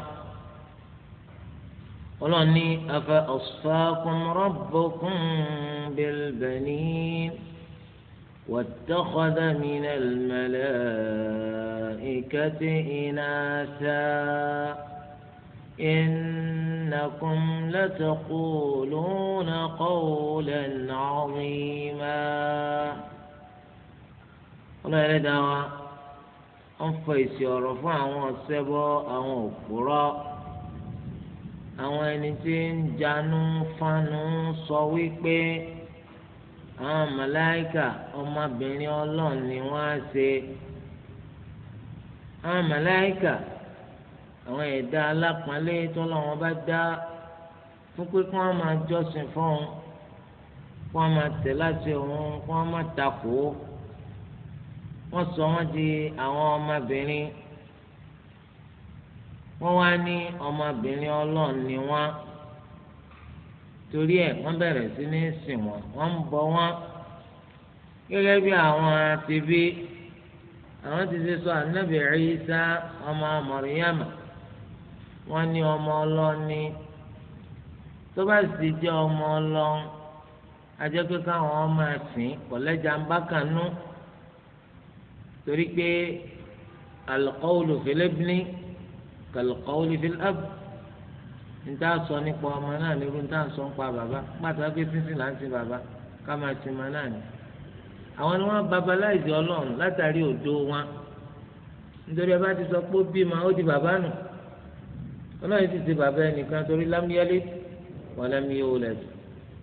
ọlọ́run ní afa asfaakum rabbukum bil banin. واتخذ من الملائكة إناثا إنكم لتقولون قولا عظيما ولا يدعى أنفيس يرفع وسبا أغفرا أغفرا أغفرا أغفرا àwọn màláìkà ọmọbìnrin ọlọ́run ni wọ́n á ṣe àwọn màláìkà àwọn ẹ̀dá alápọ̀nlé tó lọ́wọ́ bá dá fún pé kí wọ́n máa jọ́sìn fún un kí wọ́n máa tẹ̀ láti òun kí wọ́n máa takò ó wọ́n sọ wọ́n di àwọn ọmọbìnrin wọ́n wá ní ọmọbìnrin ọlọ́run ni wọ́n á. torí ẹ̀ wọ́n bẹ̀rẹ̀ sí ní sìn wọ́n wọ́n ń bọ wọ́n gẹ́gẹ́ bí àwọn ti bí àwọn ti ṣe sọ ànábì Ìsá ọmọ Màríyámà wọ́n ní ọmọ ọlọ́ni tó bá sì jẹ́ ọmọ ọlọ́ni ajẹ́ pé káwọn ọmọ ẹ̀sìn kọ̀lẹ́jà ń bá kànú torí pé alqawlu fil ibni kalqawli níta sọ nípa ọmọ náà lérú níta sọ nípa bàbá pàtó agbé sísìn là ń sin bàbá ká máa sin ọmọ náà ni. àwọn ni wọ́n babaláìsì ọlọ́run látàrí òdo wọn nítorí ẹ ti sọ pé ó bímọ ó di bàbá nù ọlọ́run ti di bàbá ẹnìkan torí lámúyálé wọn lámúyé wò lẹ́sìn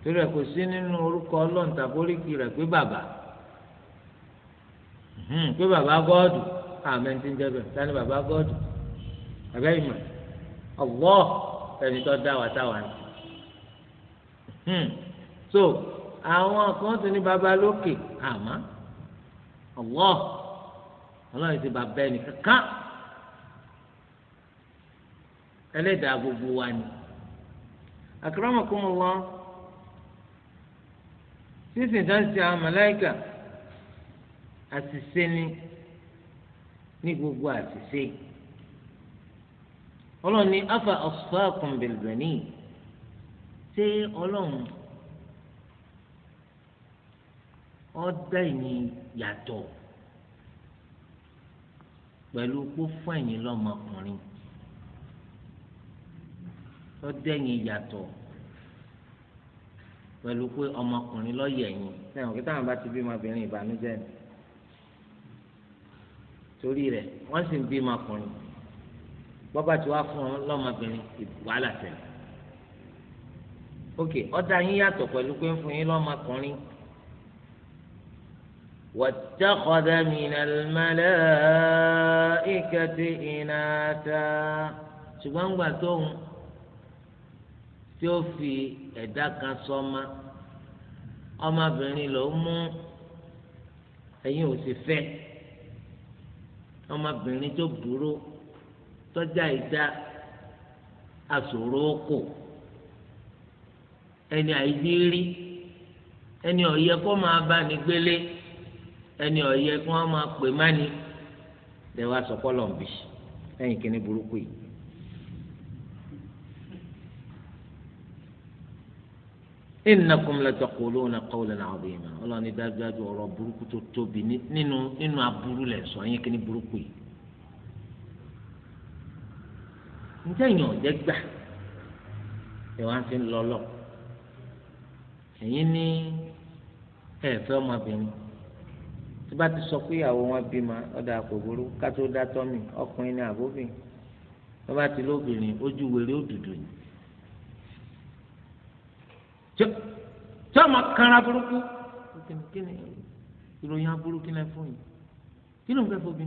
torí ẹ kò sí nínú orúkọ ọlọ́run tàbóríkì rẹ̀ pé bàbá pé bàbá gọ́ọ̀dù àmẹ́ntínjẹ́bẹ̀ tani bàbá gọ́ọ̀dù àbẹ́yìmọ̀ ọ̀gbọ́ọ̀ ẹni tó dá wa táwa ni hmm. so àwọn kan ti ní baba lókè àmọ́ ọwọ́ ọlọ́run ti bàbá ẹni kankan ẹlẹ́dàá gbogbo wa ni akramakumullah sísìn dáńsì àwọn màláíkà àṣìṣe ni ní gbogbo àṣìṣe yìí ọlọ́run ní afa asfaakum bilbani ṣé ọlọ́run ọdá ẹ̀yin yàtọ̀ pẹ̀lú kó fún ẹ̀yin lọ́mọkùnrin ọdá ẹ̀yin yàtọ̀ pẹ̀lú pé ọmọkùnrin lọ́yẹ̀ ẹ̀yin sẹ́wọ̀n kí táwọn bá ti bímọ obìnrin ìbànújẹ́ torí rẹ̀ wọ́n sì ń bímọ ọkùnrin bọ́bá tí wàá fún ọ lọ́mọbìnrin wàhálà tẹ̀lé ok ọ̀dà yín yàtọ̀ pẹ̀lú pé ń fún yín lọ́mọkùnrin واتخذ من الملائكة إناثا ṣùgbọ́n gbà tóun tí ó fi ẹ̀dá kan sọ́mọ ọmọbìnrin ló mú ẹ̀yin ò sì fẹ́ ọmọbìnrin tó dúró tọ́jà ìdá àsòro kò ẹni àìdí ẹni ọ̀yẹ kó máa bá ní gbélé ẹni ọ̀yẹ kó máa pè má lẹ́wọ́ àsọpọ̀lọ̀ ń bì lẹ́yìn kíní burúkú yìí. innakum lataquluna qawlan njẹ́ èèyàn ọ̀jẹ́ gbà ẹ wá fi ń lọ lọ ẹ̀yin ní ẹ fẹ́ ọmọbìnrin tí bá ti sọ pé ìyàwó wọn bímọ ọ̀dà àpòbúrú ká tó dá tọ́mì ọkùnrin ní àbóbìn tó bá ti lóbìnrin ojú wèrè òdùdù ni tí ọmọ kanra burúkú ìròyìn aburú kí náà fún yìí kí ló ń fẹ́ fún mi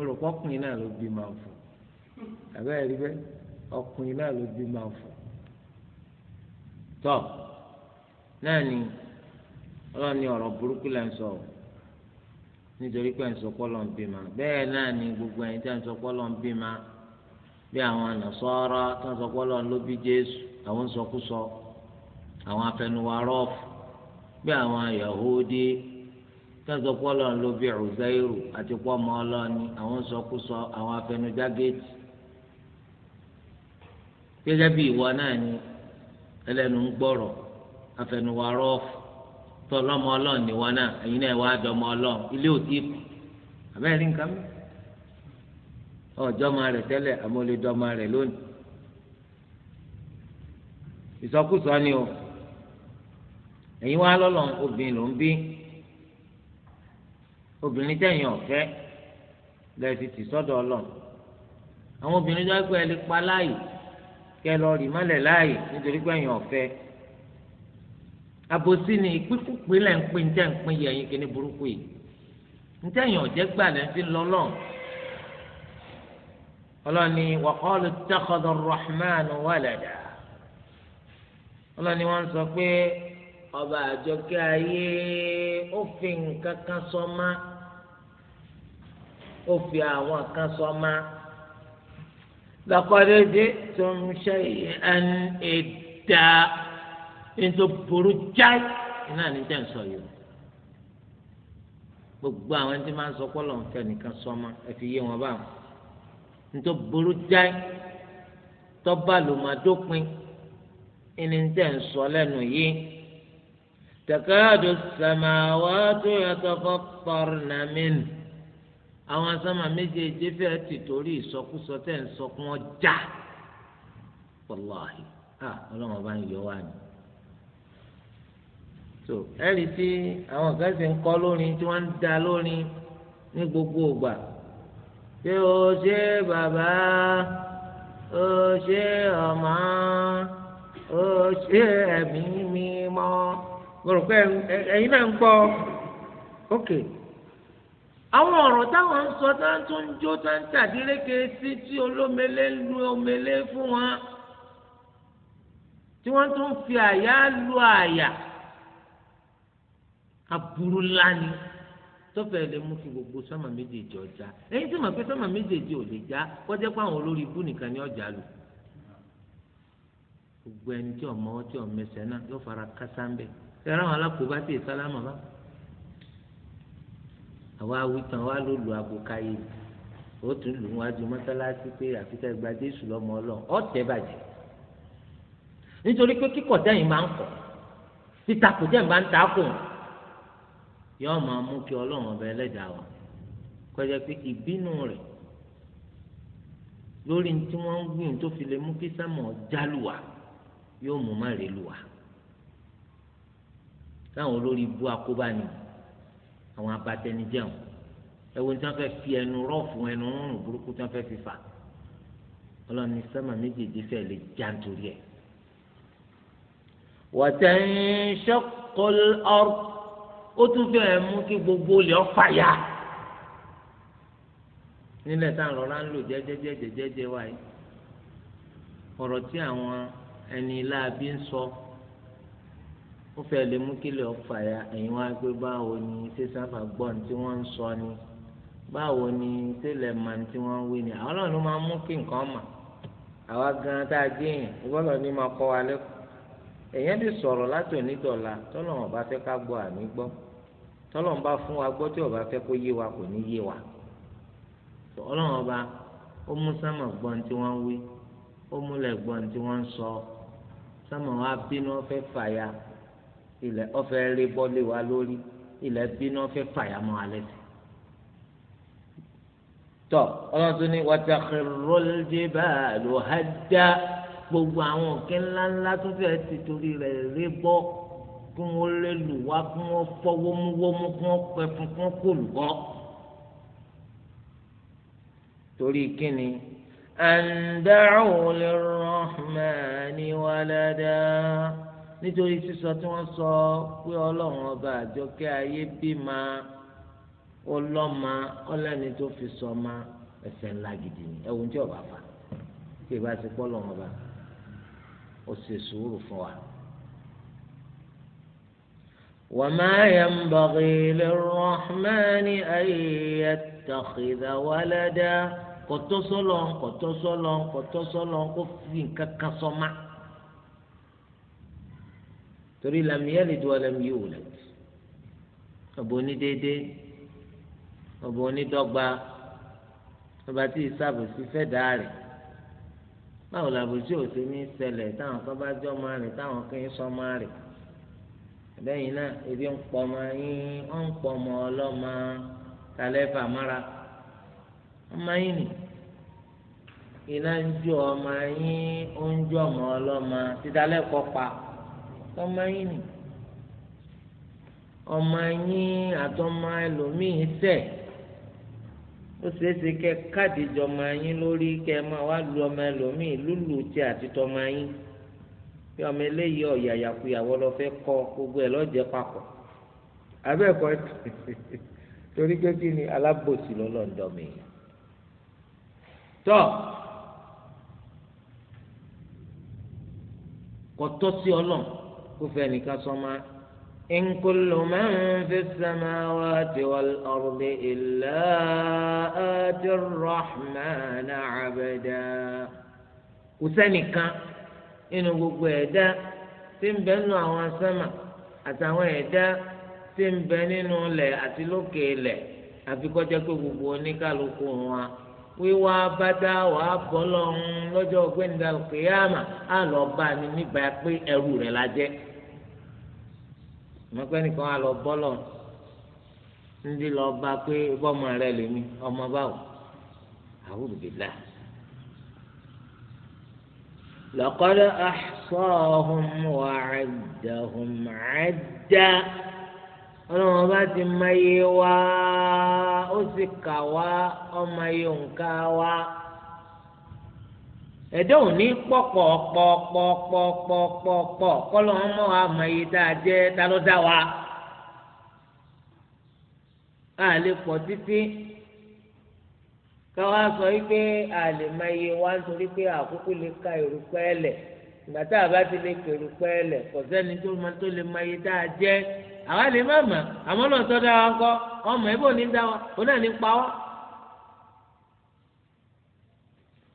olùkọ́ ọkùnrin náà ló bímọ fún un. àbẹ́rẹ́ rí bẹ́ẹ̀ ọkùnrin náà ló bí máa fò tọ́ náà ni ọlọ́run ní ọ̀rọ̀ burúkú là ń sọ nítorí ni gbogbo ẹ̀yin tí ń sọ pé ọlọ́run bí máa bí àwọn ànàsọ́ra tí wọ́n sọ pé bí Jésù àwọn àwọn bí àwọn Yahudi tọ́sọ pọ́lọ́ ló bí àti àwọn àwọn gẹ́gẹ́ bí ìwọ náà ni ẹlẹnu ń gbọ́rọ̀ afẹnuwarọ́ tó ni wọn náà ẹ̀yin náà wá dọmọ ilé òtí kù abẹ́rẹ́ nǹkan mi ọjọ́ máa rẹ̀ tẹ́lẹ̀ máa rẹ̀ lónìí ìsọkúsọ ni o ẹ̀yin wá lọ́lọ́ obìnrin ló ń bí obìnrin tẹ̀yìn ọ̀fẹ́ tì sọ́dọ̀ ọlọ́run àwọn obìnrin ẹ lè kẹ lọ rì mọ́lẹ̀ láàyè nítorí pé ẹ̀yin ọ̀fẹ́ àbòsí ni ìpínkùpé lẹ̀ ń pín tẹ́ ń pín yẹ ẹ̀yin kíní burúkú yìí ntẹ̀yìn ọ̀jẹ́ gbà lẹ́ fi lọ́lọ́ ọlọ́ni wàkọ́lù tẹ́kọ̀dọ̀ rahman wàlẹ̀dà ọlọ́ni wọ́n sọ pé ọba àjọkẹ́ ayé ó fi sọ ma ó àwọn kan sọ ma lakọ́dé dé tó ń ṣe ẹn ẹ̀dá nítorí burú jáì iná ní jẹ́ nsọ yìí gbogbo àwọn ẹni tí máa ń sọ pé Ọlọ́run fẹ́ nìkan sọ́mọ ẹ fi yé wọn báwọn nítorí burú jáì tọ́ba lòmàdópin ẹni tẹ̀ ń sọ lẹ́nu yìí. تكاد السماوات يتفطرن منه àwọn sánmà méjèèjì fẹ́ ti torí ìsọkúsọ tẹ̀ ń sọ kún ọjà wàláhì ah ọlọ́run bá ń yọ wá ni. so ẹ̀rí tí àwọn kan sì ń kọ́ lórin tí wọ́n ń da lórin ní gbogbo ògbà ṣé o ṣe bàbá o ṣe ọmọ o ṣe ẹ̀mí mímọ́ mo rò pé ẹ̀yin náà ń gbọ́ ókè. Okay àwọn ọ̀rọ̀ táwọn ń sọ tá tó ń jó tá ń tàdíréke sí tí olómele ń lu omele fún wọn tí wọ́n tún fi àyà lu àyà aburú ńlá ni tọ́fẹ̀ẹ́ lè mú kí gbogbo sọ́mà méjèèjì ọjà ẹ̀yin tí màá pé sọ́mà méjèèjì ò lè já kọjá pé olórí ibú nìkan ni ọjà lù gbogbo ẹni tí ọmọ tí ọmọ ẹsẹ̀ náà yóò fara kásá ń bẹ̀ ẹ̀rọ àwọn alákòóbá ti sálámà báà àwọn awitan wa ló lu aago káyé mi ó tún lù wájú mọ́sálásí pé àfikẹ́ gba jésù lọ́mọ ọlọ́run ọ̀tẹ̀ bàjẹ́ nítorí pé kíkọ̀ dẹ́yìn máa ń kọ̀ títakò dẹ́yìn máa ń takò yóò máa mú kí ọlọ́run ọba ẹlẹ́dàá wa kọjá pé ìbínú rẹ̀ lórí tí wọ́n ń gbìn tó fi lè mú kí sámọ̀ jálùwà yóò mú má rèé lùwà táwọn olórí bú akóbá nìyí àwọn abatẹnijẹun ẹwọn tí wọn fẹẹ fi ẹnu rọọfù ẹnu rúnrún burúkú tí wọn fẹẹ fi fà ọlọ́run ní sẹmà méjèèjì fẹẹ lè já nítorí ẹ. watanshaqqa al-ard ó tún fẹ́ẹ́ mú kí gbogbo olè ọ̀fà yá nílẹ̀ tá à ń rọra ń lò jẹ́jẹ́jẹ́jẹ́jẹ́ wáyé ọ̀rọ̀ tí àwọn ẹni láabi ń sọ. So ó fẹ́ lè mú kílẹ̀ ọ̀fà ya ẹ̀yin wá pé báwo ni ṣé sábà gbọ́n tí wọ́n ń sọ ni báwo ni tẹ́lẹ̀ mà tí wọ́n ń wí ni àwọn náà ló máa mú kí nǹkan mà àwa gan tá a gé yẹn ìbọ́lọ̀ ni máa kọ́ wa lẹ́kọ̀ọ́ èèyàn lè sọ̀rọ̀ láti onídọ̀la tọ́lọ́run ọba fẹ́ ká gbọ́ àní gbọ́ tọ́lọ́run bá fún wa gbọ́ tí ọba fẹ́ kó yé wa kò ní yé wa ọlọ́run ọba ó mú sámà gbọ́n tí wọ́n ń wí ó múlẹ̀ gbọ́n tí wọ́n ń sọ sámà wa bínú fẹ́ fàya ilẹ̀ ọ̀fẹ́ rí bọ́lé wa lórí ilẹ̀ bínú ọ̀fẹ́ fàyàmọ́ alẹ́ sí. tọ́ ọlọ́tún ní wàtàkìrọ́lẹ́dẹ́bàlù hàdá gbogbo àwọn òkè ńláńlá tó fẹ́ ti torí rẹ̀ rí bọ́ kí wọ́n lé lù wá kí wọ́n fọ́ wómúwómú kí wọ́n pẹ́ fún kí wọ́n kò lù torí kíni àǹdáhùn lè rọ́ọ̀mù ní wàládàá nítorí sísọ tí wọ́n sọ pé ọlọ́run ọba àjọkẹ́ ayé bí ma ọlọ́ma tó fi sọ ma ẹsẹ̀ ńlá gidi ni ẹ̀wọ̀n tí ọba fà kí ìbá ti pọ́ ọlọ́run ọba ó ṣe sùúrù fún wa. وما ينبغي للرحمن أن يتخذ ولدا kò tọ́ sọ́lọ́n kò tọ́ sọ́lọ́n kò tọ́ sọ́lọ́n torí lam yalid wa lam yulad ọba onídéédé ọba onídọ́gba ọba tí ìsàbòsí fẹ́ dáa rẹ̀ báwo làbòsí òsè ní ṣẹlẹ̀ táwọn kan bá jọ máa rìn táwọn kan sọ máa rìn lẹ́yìn náà ebi ń pọmọ yín ó ń pọmọ ọlọ́mọ talẹ́ fàmọ́ra ọmọ yín nì iná ń jó ọmọ yín ó ń jó ọmọ ọlọ́mọ títà lẹ́kọ̀ọ́ pa. ọmọ yín ni ọmọ yín àtọmọ ẹlòmíín ó ṣeé ṣe kẹ káàdì ọmọ yín lórí kẹ máa wá lu ọmọ ẹlòmíín lúlù tí àti tọmọ yín bí ọmọ eléyìí ọ̀yà yàkuyàwó lọ fẹ́ kọ gbogbo ẹ̀ lọ́jẹ́ papọ̀ torí pé kí ni alábòsí lọ́lọ́dọ̀ mi kó fẹ́ nìkan sọ́mà. إن كل من في السماوات والأرض إلا آتي الرحمن عبدا kò sẹ́nìkan nínú gbogbo ẹ̀dá tí ń bẹ nínú àwọn sánmà àtàwọn ẹ̀dá tí ń bẹ nínú ilẹ̀ àti lókè ilẹ̀ àfi kó jẹ́ pé gbogbo oníkálukú wa wíwá bàtà wà bọ́lọ̀ ń lọ́jọ́ gbẹ̀ndàlùkìyàmà á lọ bá a ní nígbà pé la jẹ́ mọ̀pẹ́ nìkan á lọ bọ́lọ̀ ndí lọ bá pé bọ́mọ rẹ lèmi ọmọ báwo a'udhu billah. laqad ahsahum wa 'addahum 'adda ọlọ́run bá ti mọ iye wa ẹ̀dá ò ní pọ̀pọ̀ pọ̀pọ̀pọ̀pọ̀ kọ́lọ́ mọ́ àmọ́ iye tá a jẹ́ ta ló dá wa. a lè pọ̀ títí sọ wípé a lè iye wa nítorí pé àkókò lè ka èrúpẹ́ lẹ̀ ìgbà tá a bá ti lè kèrú pẹ́ẹ́lẹ̀ kò sẹ́ni tó máa tó lè máa iye tá a jẹ́ àwa lè má mà àmọ́ náà tọ́ da wa kọ́ ọmọ ní wa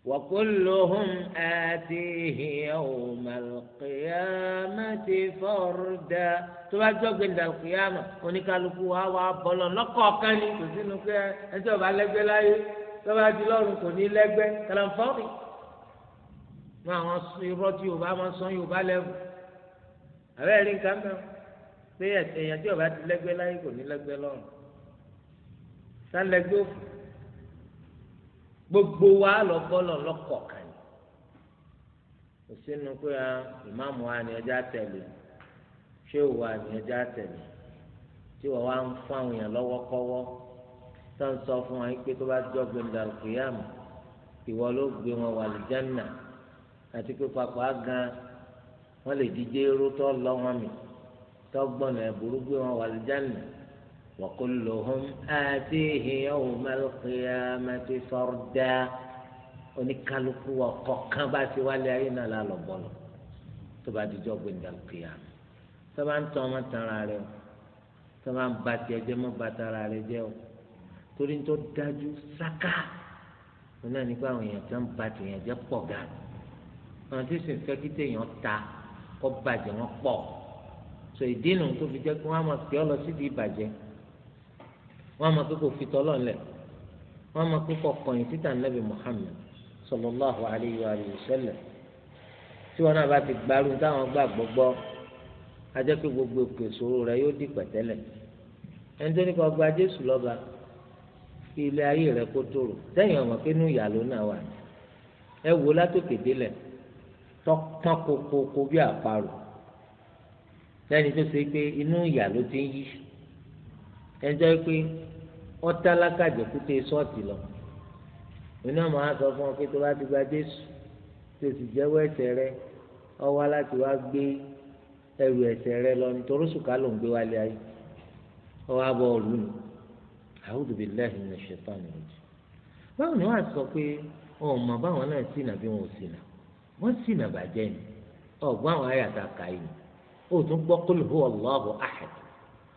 وكلهم آتيه يوم القيامة فردا تبا جوج عند القيامة oníkálùkù wa wà bọ́lọ̀ lọ́kọ̀ọ̀kan ni kò sínú pé ẹjọ́ ọba lẹ́gbẹ́ láyé tọ́ba di lọ́rùn kò ní lẹ́gbẹ́ kàlàǹfọ́ọ̀rì mọ àwọn irọ́ tí yorùbá máa ń sọ yorùbá lẹ́wù àbẹ́ rí nǹkan mẹ́wọ́ pé èèyàn tí yorùbá ti lẹ́gbẹ́ láyé kò ní lẹ́gbẹ́ lọ́rùn sálẹ́gbẹ́ òfin gbogbo wa lọ bọ́lọ̀ lọ́kọ̀ọ̀kan ni kò sínú pé ah, ìmáàmù wa ni ẹja tẹ̀lé ṣéwù wa ni ẹja tẹ̀lé tí wọ́n wá ń fún àwọn èèyàn lọ́wọ́kọ́wọ́ tó ń sọ fún wa pé tó bá jọ́gbé ń dàlùkìyàmù ìwọ ló gbé wọn wà lìjánà àti pé papọ̀ á gan wọ́n lè díje irú tó lọ́ wọn mì tó gbé wọn wà lìjánà. وكلهم آتيه يوم القيامة فردا oníkálukú wa kọ̀ọ̀kan bá ti wálé ayé náà la lọ bọ́lọ̀ tó bá dijọ́ gbẹ̀ndà kìá tó bá ń tọ́ ọmọ tara rẹ o tó bá ń ba tiẹ̀ jẹ́ mọ́ ba tara rẹ jẹ́ o torí tó dájú sáká wọn náà nípa àwọn èèyàn tó ń ba tiẹ̀ jẹ́ pọ̀ ga àwọn tí sì ń fẹ́ kí téèyàn ta kọ́ bàjẹ́ wọn pọ̀ so ìdí nu tó fi jẹ́ kí wọ́n á máa fi ọ́ lọ sídìí ìbàjẹ́ wọ́n mọ̀ pé kò fi tọ́lọ̀ lẹ̀ wọ́n mọ̀ pé kò kọ̀yìn títà nàbì Muhammad sallallahu alayhi wa sallam tí wọn náà bá ti gbarú táwọn gbàgbọ́ gbọ́ ajẹ́ pé gbogbo òkè ìṣòro rẹ yóò di pẹ̀tẹ́lẹ̀ ẹni tó ní kó gba Jésù lọ́ba kí ilé ayé rẹ kó tòrò sẹ́yìn ọ̀mọ̀ pé inú ìyàló náà wà ẹ wò látòkè délẹ̀ tọ́pọ́n kokoko bí àparò lẹ́ni tó ṣe pé inú ìyàló ti ń yí kẹjọ pé wọ́n tálákà jẹ̀kúté sọ́ọ̀tì lọ oní ọmọ wa sọ fún ọ pé tó bá ti gba jésù tó sì jẹ́wọ́ ẹ̀ṣẹ̀ rẹ ọ wá láti wá gbé ẹrù ẹ̀ṣẹ̀ rẹ lọ nítorí sùkà ló ń gbé wálé ayé ọ wá bọ ọ̀lú ni a'udhu billahi minash shaitani rajim báwo ni wọ́n á sọ pé ọmọ báwọn náà ṣìnà bí wọn ò ṣìnà wọ́n ṣìnà bàjẹ́ ni ọ̀gbọ́n àwọn àyàtà kàyé ni ó tún gbọ́ qul huwa Allahu ahad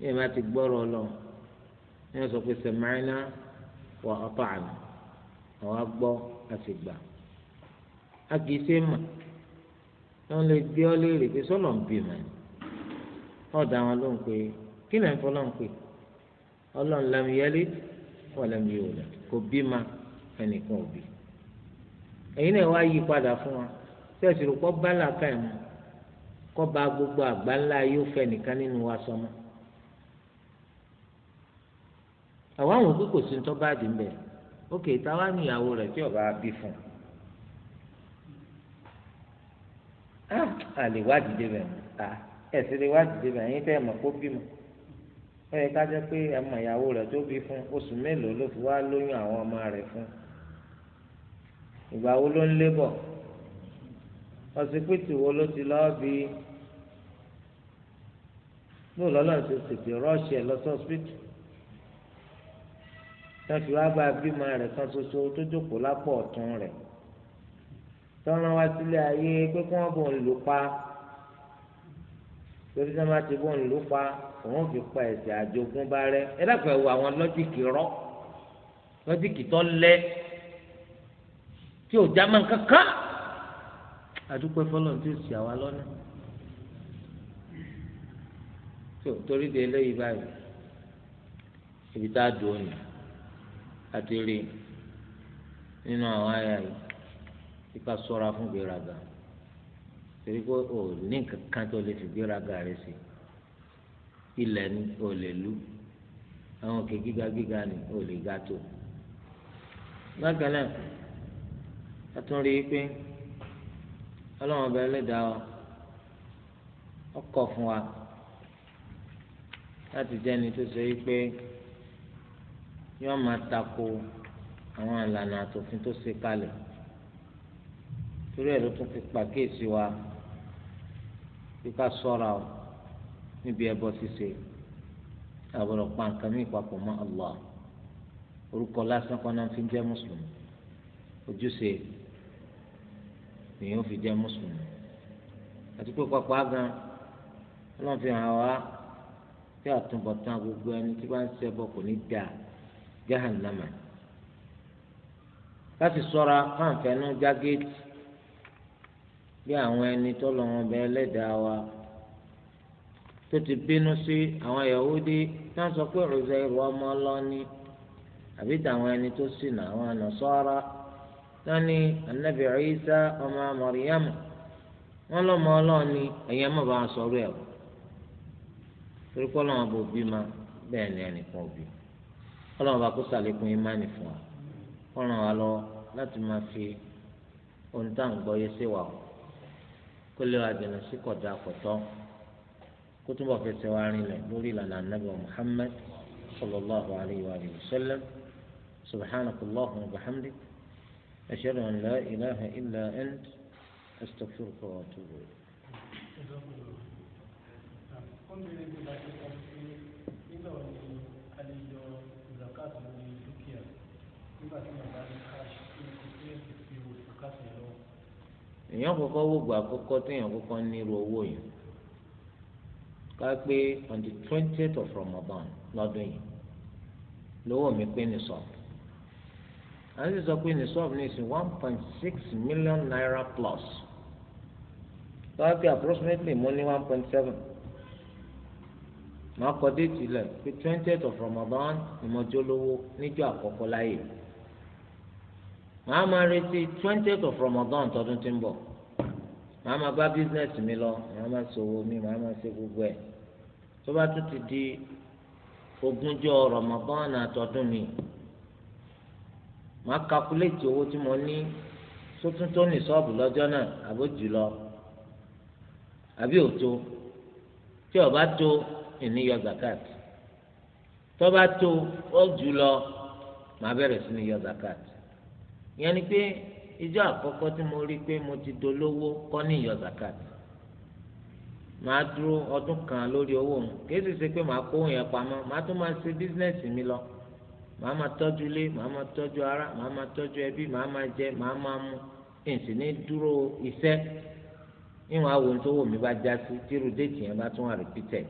bí ẹ bá ti gbọ́rọ̀ lọ ní ọ̀sọ̀ pé sẹ̀máínà wà ọ̀pá àná àwa gbọ́ a sì gbà a kì í ṣe mà wọ́n lè gbé ọ léèrè pé sọ́nà ń bì mà ní ọ̀dà wọn ló ń pè é kí lẹ́yìn fọlọ́ ń pè ọlọ́run lẹ́mu yẹlé wọ́n lẹ́mu yóò lẹ́ kò bí ma ẹnìkan ò bí ẹ̀yin náà wá yí padà fún wa sẹ́ẹ̀sì rò kọ́ bá làákà ẹ̀ mọ́ kọ́ ba gbogbo àgbáńlá yóò fẹ́ nìkan nínú wa sọmọ́. So àwọn àwọn òkú kò sí tó bá dì mbẹ ókè táwa ní ìyàwó rẹ̀ tí ọba bí fún àlè wádìí débẹ̀ ẹ̀sìn lè wádìí débẹ̀ ẹ̀yin tẹ́ ẹ̀ mọ̀ kó bímọ ó yẹ ká jẹ́ pé ẹ̀ mọ̀ ìyàwó rẹ̀ tó bí fún oṣù mélòó ló fi wá lóyún àwọn ọmọ rẹ̀ fún ìgbà wo ló ń lébọ̀ ọsibítù wo ló ti lọ́ọ́ bí lóòlọ́lọ́ ti tètè rọ́ọ̀ṣì ẹ̀ lọ sí ọsibítù tọ́sí wá bá bímọ rẹ̀ kan ṣoṣo tó jókòó lápò ọ̀tún rẹ̀ tọ́ran wá sílé ayé pé kí wọ́n bò ń lò pa torí sọ ma ti bò ń lò pa òun fi pa ẹ̀sẹ̀ àjogún bá rẹ̀ ẹ dákun ẹ̀ àwọn lọ́jìkì rọ́ lọ́jìkì tó lẹ́ tí ò já mọ́ kankan adúpẹ́ fọlọ́n tí ó sì àwa lọ́nà torí de eléyìí báyìí ibi tá a dùn ó nìyí àti rí nínú àwọn àyà yìí tí ká ṣọ́ra fún gbéraga torí pé ò ní kankan tó lè fi gbéraga rẹ sí ilẹ̀ ni ò lè lú àwọn òkè gíga gíga ni ò lè ga tó bákan náà a tún rí i pé ọlọ́run ọba ẹlẹ́dàá wa ọkọ̀ fún wa láti jẹ́ tó ṣe é pé yóò máa tako àwọn ìlànà àtòfin tó ṣe kalẹ̀ torí ẹ̀ ló tún fi pàkíyèsí wa bí ká sọ́ra o níbi ẹbọ ṣíṣe àbọ̀rọ̀ pa nǹkan mí papọ̀ mọ́ Allah orúkọ lásán kan náà fi jẹ́ mùsùlùmí ojúṣe èèyàn fi jẹ́ mùsùlùmí àti pé pápá gan ọlọ́run fi hàn wá kí àtúbọ̀tán gbogbo ẹni tí bá ń ṣẹbọ kò ní dáa. jahannama láti ṣọ́ra fáǹfẹ̀ẹ́nú jágéètì bí àwọn ẹni tó wọn bẹ ẹlẹ́dàá wa tó ti bínú sí àwọn Yahudi náà sọ pé Uzairu ọmọ ọlọ́ni àbí tàwọn ẹni tó ṣìnà àwọn Nasara náà ní Ànábì ayisa ọmọ Màríyámù wọn lọmọ ni ẹ̀yẹ́ mọ̀ bá wọn sọ̀rọ̀ ẹ̀ torí bí ma bẹ́ẹ̀ ni ẹnìkan ò bí ọlọ́run bá kó sàlékún ìmánì fún wa kó ràn wá lọ́wọ́ láti máa fi ohun tá à ń gbọ́ yé sí wa o kó lè wa jìnnà sí kọjá kọ̀tọ́ kó túbọ̀ fẹsẹ̀ wa rinlẹ̀ lórí ìlànà anábì muhammed sallallahu alayhi wa sallam subhanak allahumma wa bihamdik ashhadu an la ilaha illa ant astaghfiruka wa atubu ilayk. èèyàn kọ́kọ́ wò gbà àkọ́kọ́ téèyàn kọ́kọ́ nírú owó yìí ká pé on the twentieth of Ramadan lọ́dún yìí lówó mi pé ní sọ́ọ̀bù à ń sì sọ pé ní sọ́ọ̀bù ní ìsìn one point six million naira plus lọ́wọ́ pé approximately mo ní one point seven màá kọ́ déètì lẹ̀ pé twentieth of Ramadan ni mo jólówó níjọ́ àkọ́kọ́ láyé màá máa retí twentieth of Ramadan tọdún tí ń bọ̀ màá máa bá bísínẹ́sì mi lọ màá máa ṣòwò mi màá máa ṣe gbogbo ẹ̀ tó bá tún ti di ogúnjọ́ Ramadan àtọdún mi màá kakuléètì owó tí mo ní sótún tó ní sọ́ọ̀bù lọ́jọ́ náà àbó jùlọ àbí òtó tí ó bá tó ìníyọ zakat tó bá tó ó jùlọ màá bẹ̀rẹ̀ sí ní yọ zakat ìyẹn ni pé ìjọ àkọ́kọ́ tí mo rí pé mo ti dolówó kọ́ ní ìyọ zakat màá dúró ọdún kan lórí owó mi kì í sì ṣe pé màá kó yẹn pamọ́ màá tún máa ṣe bísínẹ́sì mi lọ màá máa tọ́jú ilé màá máa tọ́jú ara màá máa tọ́jú ẹbí màá máa jẹ màá máa mu èsì ní dúró iṣẹ́ níwọ̀n àwọn tó wò mí bá já sí tírú déètì yẹn bá tún wà repeated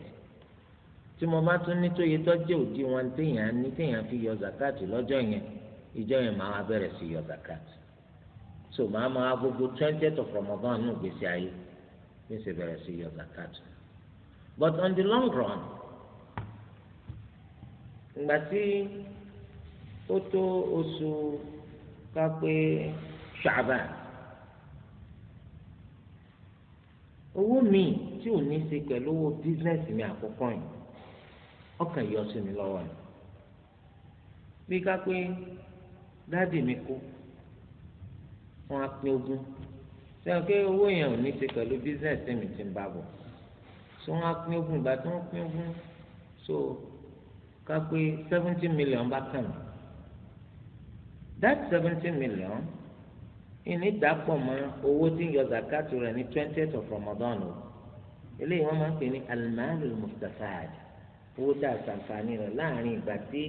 tí mo bá tún ní tó tọ́jú òdi wọn téèyàn ní téèyàn fi yọ zakat lọ́jọ́ yẹn ìjọ yẹn máa bẹ̀rẹ̀ sí yọ zakat so màá máa gbogbo twentieth of Ramadan nù gbèsè ayé ní sì bẹ̀rẹ̀ sí yọ zakat but on the long run ìgbà tí ó tó oṣù kápẹ́ pé owó mi tí ò ní ṣe pẹ̀lú owó bísínẹ́sì mi àkọ́kọ́ yìí ọkàn yọ sí mi lọ́wọ́ ni bí kápẹ́. dáàdì mi kú wọn á pín ogún sẹ́wọ́n pé owó yẹn ò ní ṣe pẹ̀lú bísíǹsì mi ti ń bá bọ̀ so wọn á pín ogún ìgbà tí wọ́n pín ogún so ká pé seventy million bá kàn mí that seventy million ìní dàpọ̀ mọ́ owó tí ń yọ zakatu rẹ̀ ní twentieth of Ramadan o eléyìí wọ́n máa ń pè ní alimalu mustafaad owó tá a ṣàǹfààní rẹ̀ láàrin ìgbà tí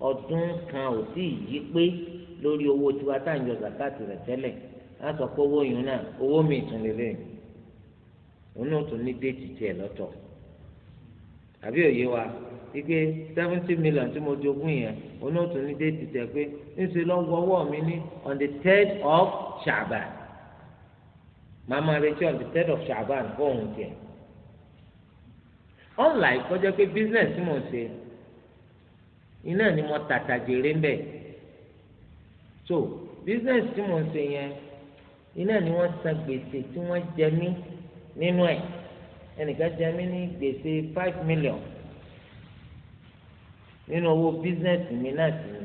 ọdún kan ò tí ì yí pé lórí owó tiwa tá à ń yọ zakati rẹ̀ tẹ́lẹ̀ á sọ pé owó yìí náà owó mi tún lè lè òun náà tún ní déètì tiẹ̀ lọ́tọ̀ àbí òye wa ike seventy million tí mo jogún yẹn òun náà tún ní déètì tiẹ̀ pé ńṣe lọ́wọ́ ọwọ́ mi ní on the third of Shaban màmá retí on the third of Shaban fóun tiẹ̀ unlike kọjá pé business tí mo ṣe iná ni mo tàtà jèrè ń bẹ̀ so business tí mo ń ṣe yẹn iná ni wọ́n san gbèsè tí wọ́n jẹ mí nínú ẹ̀ ẹnìkan jẹ mí ní gbèsè five million nínú owó business mi náà sí ni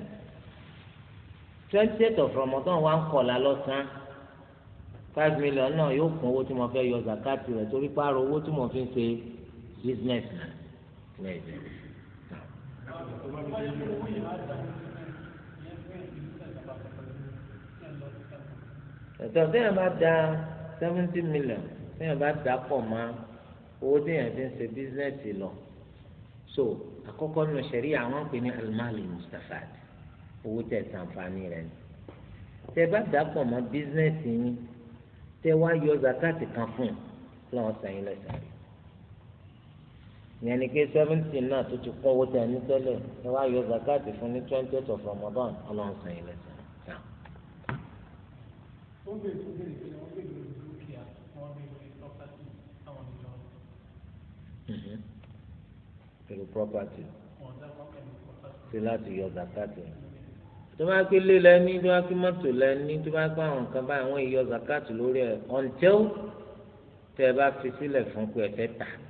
twenty eight of Ramadan wa ń kọ̀ọ̀la lọ́sàn-án five million náà yóò kún owó tí mo fẹ́ yọ zakati rẹ̀ torí pààrọ̀ owó tí mo fi ń ṣe business náà ẹ̀tọ́ téèyàn bá da seventy million téèyàn bá da pọ̀ mọ́ owó téèyàn fi ń ṣe bísíǹsì lọ so àkọ́kọ́ nínú sẹ̀rí àwọn pè ní alimali mustafad owó tẹ̀ sànfàní rẹ̀ ni tẹ bá da pọ̀ mọ́ bísíǹsì yín tẹ wá yọ zakati kan fún un lọ́wọ́ sẹ́yìn lẹ́sẹ̀ rẹ̀ ìyẹn ni pé seventeen náà tó ti kún owó tẹ̀ ní tẹ́lẹ̀ ẹ wá yọ zakati fún ní twenty eight of Ramadan ọlọ́run yìí lẹ́sẹ̀. Mhm. pẹ̀lú property ṣe láti yọ zakati tó bá pé lé lẹ́ni tó bá pé mọ́tò lẹ́ni tó bá pé àwọn nǹkan báyìí wọ́n yọ zakati lórí ẹ̀ until tẹ́ ẹ bá fi sílẹ̀ fún pé ẹ fẹ́ tà á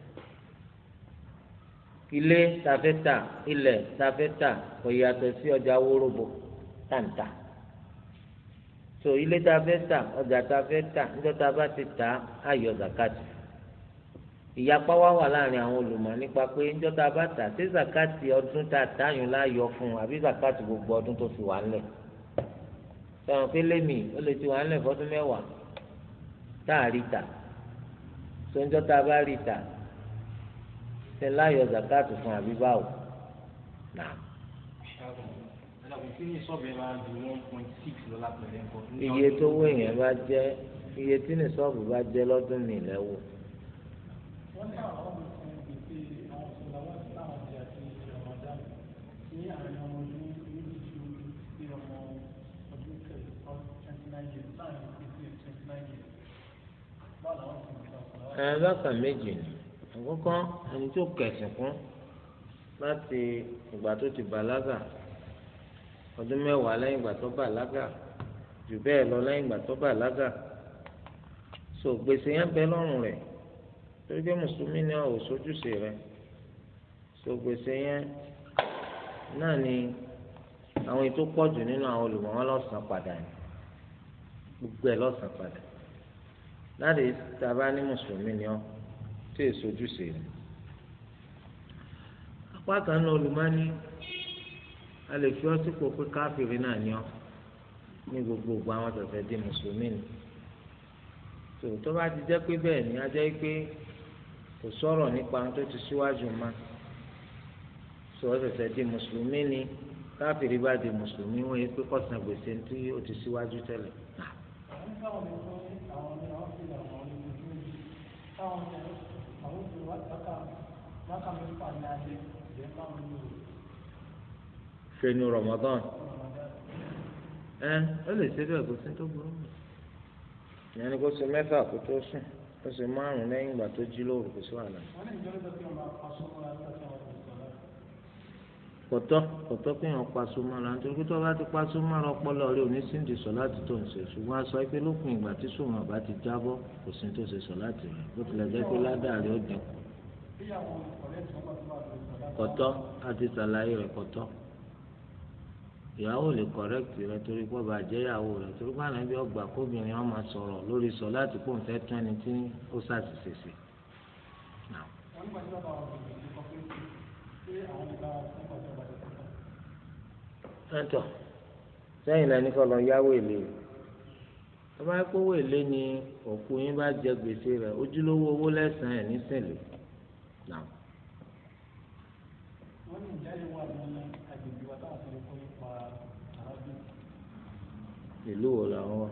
ilé tafẹ́tà ilẹ̀ tafẹ́tà kò yàtọ̀ sí ọjà wórobo tàǹtà so ilé tafẹ́tà ọjà tafẹ́tà níjọba bá ti tà á zakati ìyapa wa wà láàrin àwọn olùmọ̀ nípa pé níjọba bá tà sí zakati ọdún tá a tààyàn láàyò fún un àbí zakati gbogbo ọdún tó fi wà ńlẹ̀ sọ̀rọ̀ pé lémi ó lè ti wà ńlẹ̀ fọ́dún mẹ́wàá tá a rí tà so níjọba bá rí tà ṣe láyọ̀ zakatu fún àbí báwo nà. iye tó wé yẹn bá jẹ́ iye tí ní sọ́ọ̀bù bá jẹ́ lọ́dún mi lẹ́wọ̀. ẹ bákan méjì ni àkọ́kọ́ ẹni tó kẹ̀sìn fún láti ìgbà tó ti bàlágà ọdún mẹ́wàá lẹ́yìn ìgbà tó bàlágà jù bẹ́ẹ̀ lọ lẹ́yìn ìgbà tó bàlágà so gbèsè yẹn bẹ lọ́rùn rẹ̀ torí pé mùsùlùmí ni ò sójúṣe rẹ̀ so gbèsè yẹn náà ni àwọn ètò pọ̀jù nínú àwọn olùmọ̀ wọn lọ́sàn padà ni gbogbo ẹ̀ lọ́sàn padà láti tàbá ní mùsùlùmí ni ọ́ tí èso ojúṣe rẹ̀. apá kan náà olùmọ́ni a lè fi ọ́ sípò pé káfíìrì náà ni ọ́ ní gbogbo ògbà àwọn tẹ̀sẹ̀ di mùsùlùmí ni tó tó bá ti jẹ́ pé bẹ́ẹ̀ ni a jẹ́ pé kò sọ̀rọ̀ nípa ohun tó ti síwájú ma tó o tẹ̀sẹ̀ di mùsùlùmí ni káfíìrì bá di mùsùlùmí wọ́n yẹ pé kọ́sán gbèsè tí o ti síwájú tẹ́lẹ̀. àwọn ọmọ ṣe nu Ramadan ẹ ó lè ṣe bẹ́ẹ̀ kó sí tó burú mi ìyẹn ni kó ṣe mẹ́fà kó tó sùn márùn lẹ́yìn ìgbà tó jí lóru pọ̀tọ́ pọ̀tọ́ pé èèyàn pa súnmọ́ ara nítorí pé tó bá ti pa súnmọ́ ara ọpọlọ rẹ òní sí ti sọ láti tó ń ṣe ṣùgbọ́n a sọ pé lópin ìgbà tí súnmọ́ bá ti jábọ́ kò sí tó ṣe sọ láti rẹ̀ bó tilẹ̀ jẹ́ pé ládàá rẹ̀ ó dín kù. pọ̀tọ́ àti sàlàyé rẹ̀ pọ̀tọ́ ìyàwó lè kọ̀rẹ́kìtì rẹ̀ torí pé ọba àjẹyàwó rẹ̀ torí pé àná bí ọgbà kóbìnrin ọmọ sọ̀rọ̀ lórí sọ láti kó nfẹ́ ẹ̀tọ́ sẹ́yìn náà ní kọ́ lọ yáwó èlé tó bá kówó èlé ni òkú yín bá jẹ gbèsè rẹ̀ ojúlówó owó lẹ́sàn-án ẹ̀ nísìnyí náà. wọ́n ní ìjáde wà ní agbègbè wa táwọn fẹ́ẹ́ kọ́ nípa arábí. ìlú wo làwọn wà.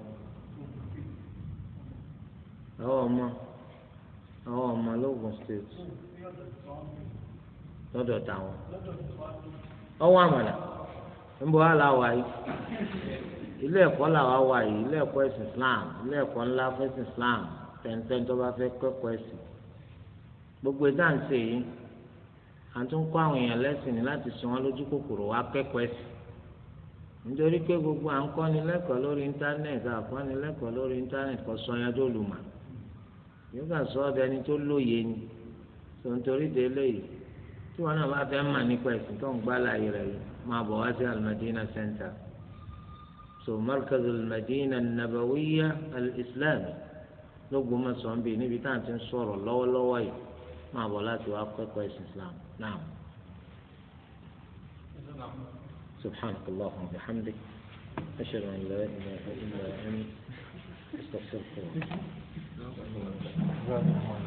àwọn ọmọ àwọn ọmọ lóògùn state lọ́dọ̀ táwọn. ọwọ́ àmàlà. níbo wà láwa yìí ilé ẹ̀kọ́ làwa wà yìí ilé ẹ̀kọ́ ẹ̀sìn Islam ilé ẹ̀kọ́ ńlá fẹ́sìn Islam tẹ̀ntẹ́n tó bá fẹ́ kẹ́kọ̀ọ́ ẹ̀sìn gbogbo ẹ̀dá ń ṣe yìí à ń tún kọ́ àwọn èèyàn lẹ́sìn ní láti sọ wọn lójú kòkòrò wá kẹ́kọ̀ọ́ ẹ̀sìn gbogbo à ń ni lẹ́kọ̀ọ́ lórí íńtánẹ́ẹ̀tì lẹ́kọ̀ọ́ lórí íńtánẹ́ẹ̀tì sọ tó yóò sọ tó lóye ni tòun torí délé yìí مع بواسع المدينة سنتر سو مركز المدينة النبوية الإسلامي lógun mọ́sán ń bì níbi tá à ń ti ń sọ̀rọ̀ lọ́wọ́lọ́wọ́ yìí máa bọ̀ láti سبحانك اللهم وبحمدك أشهد أن لا إله إلا أنت أستغفرك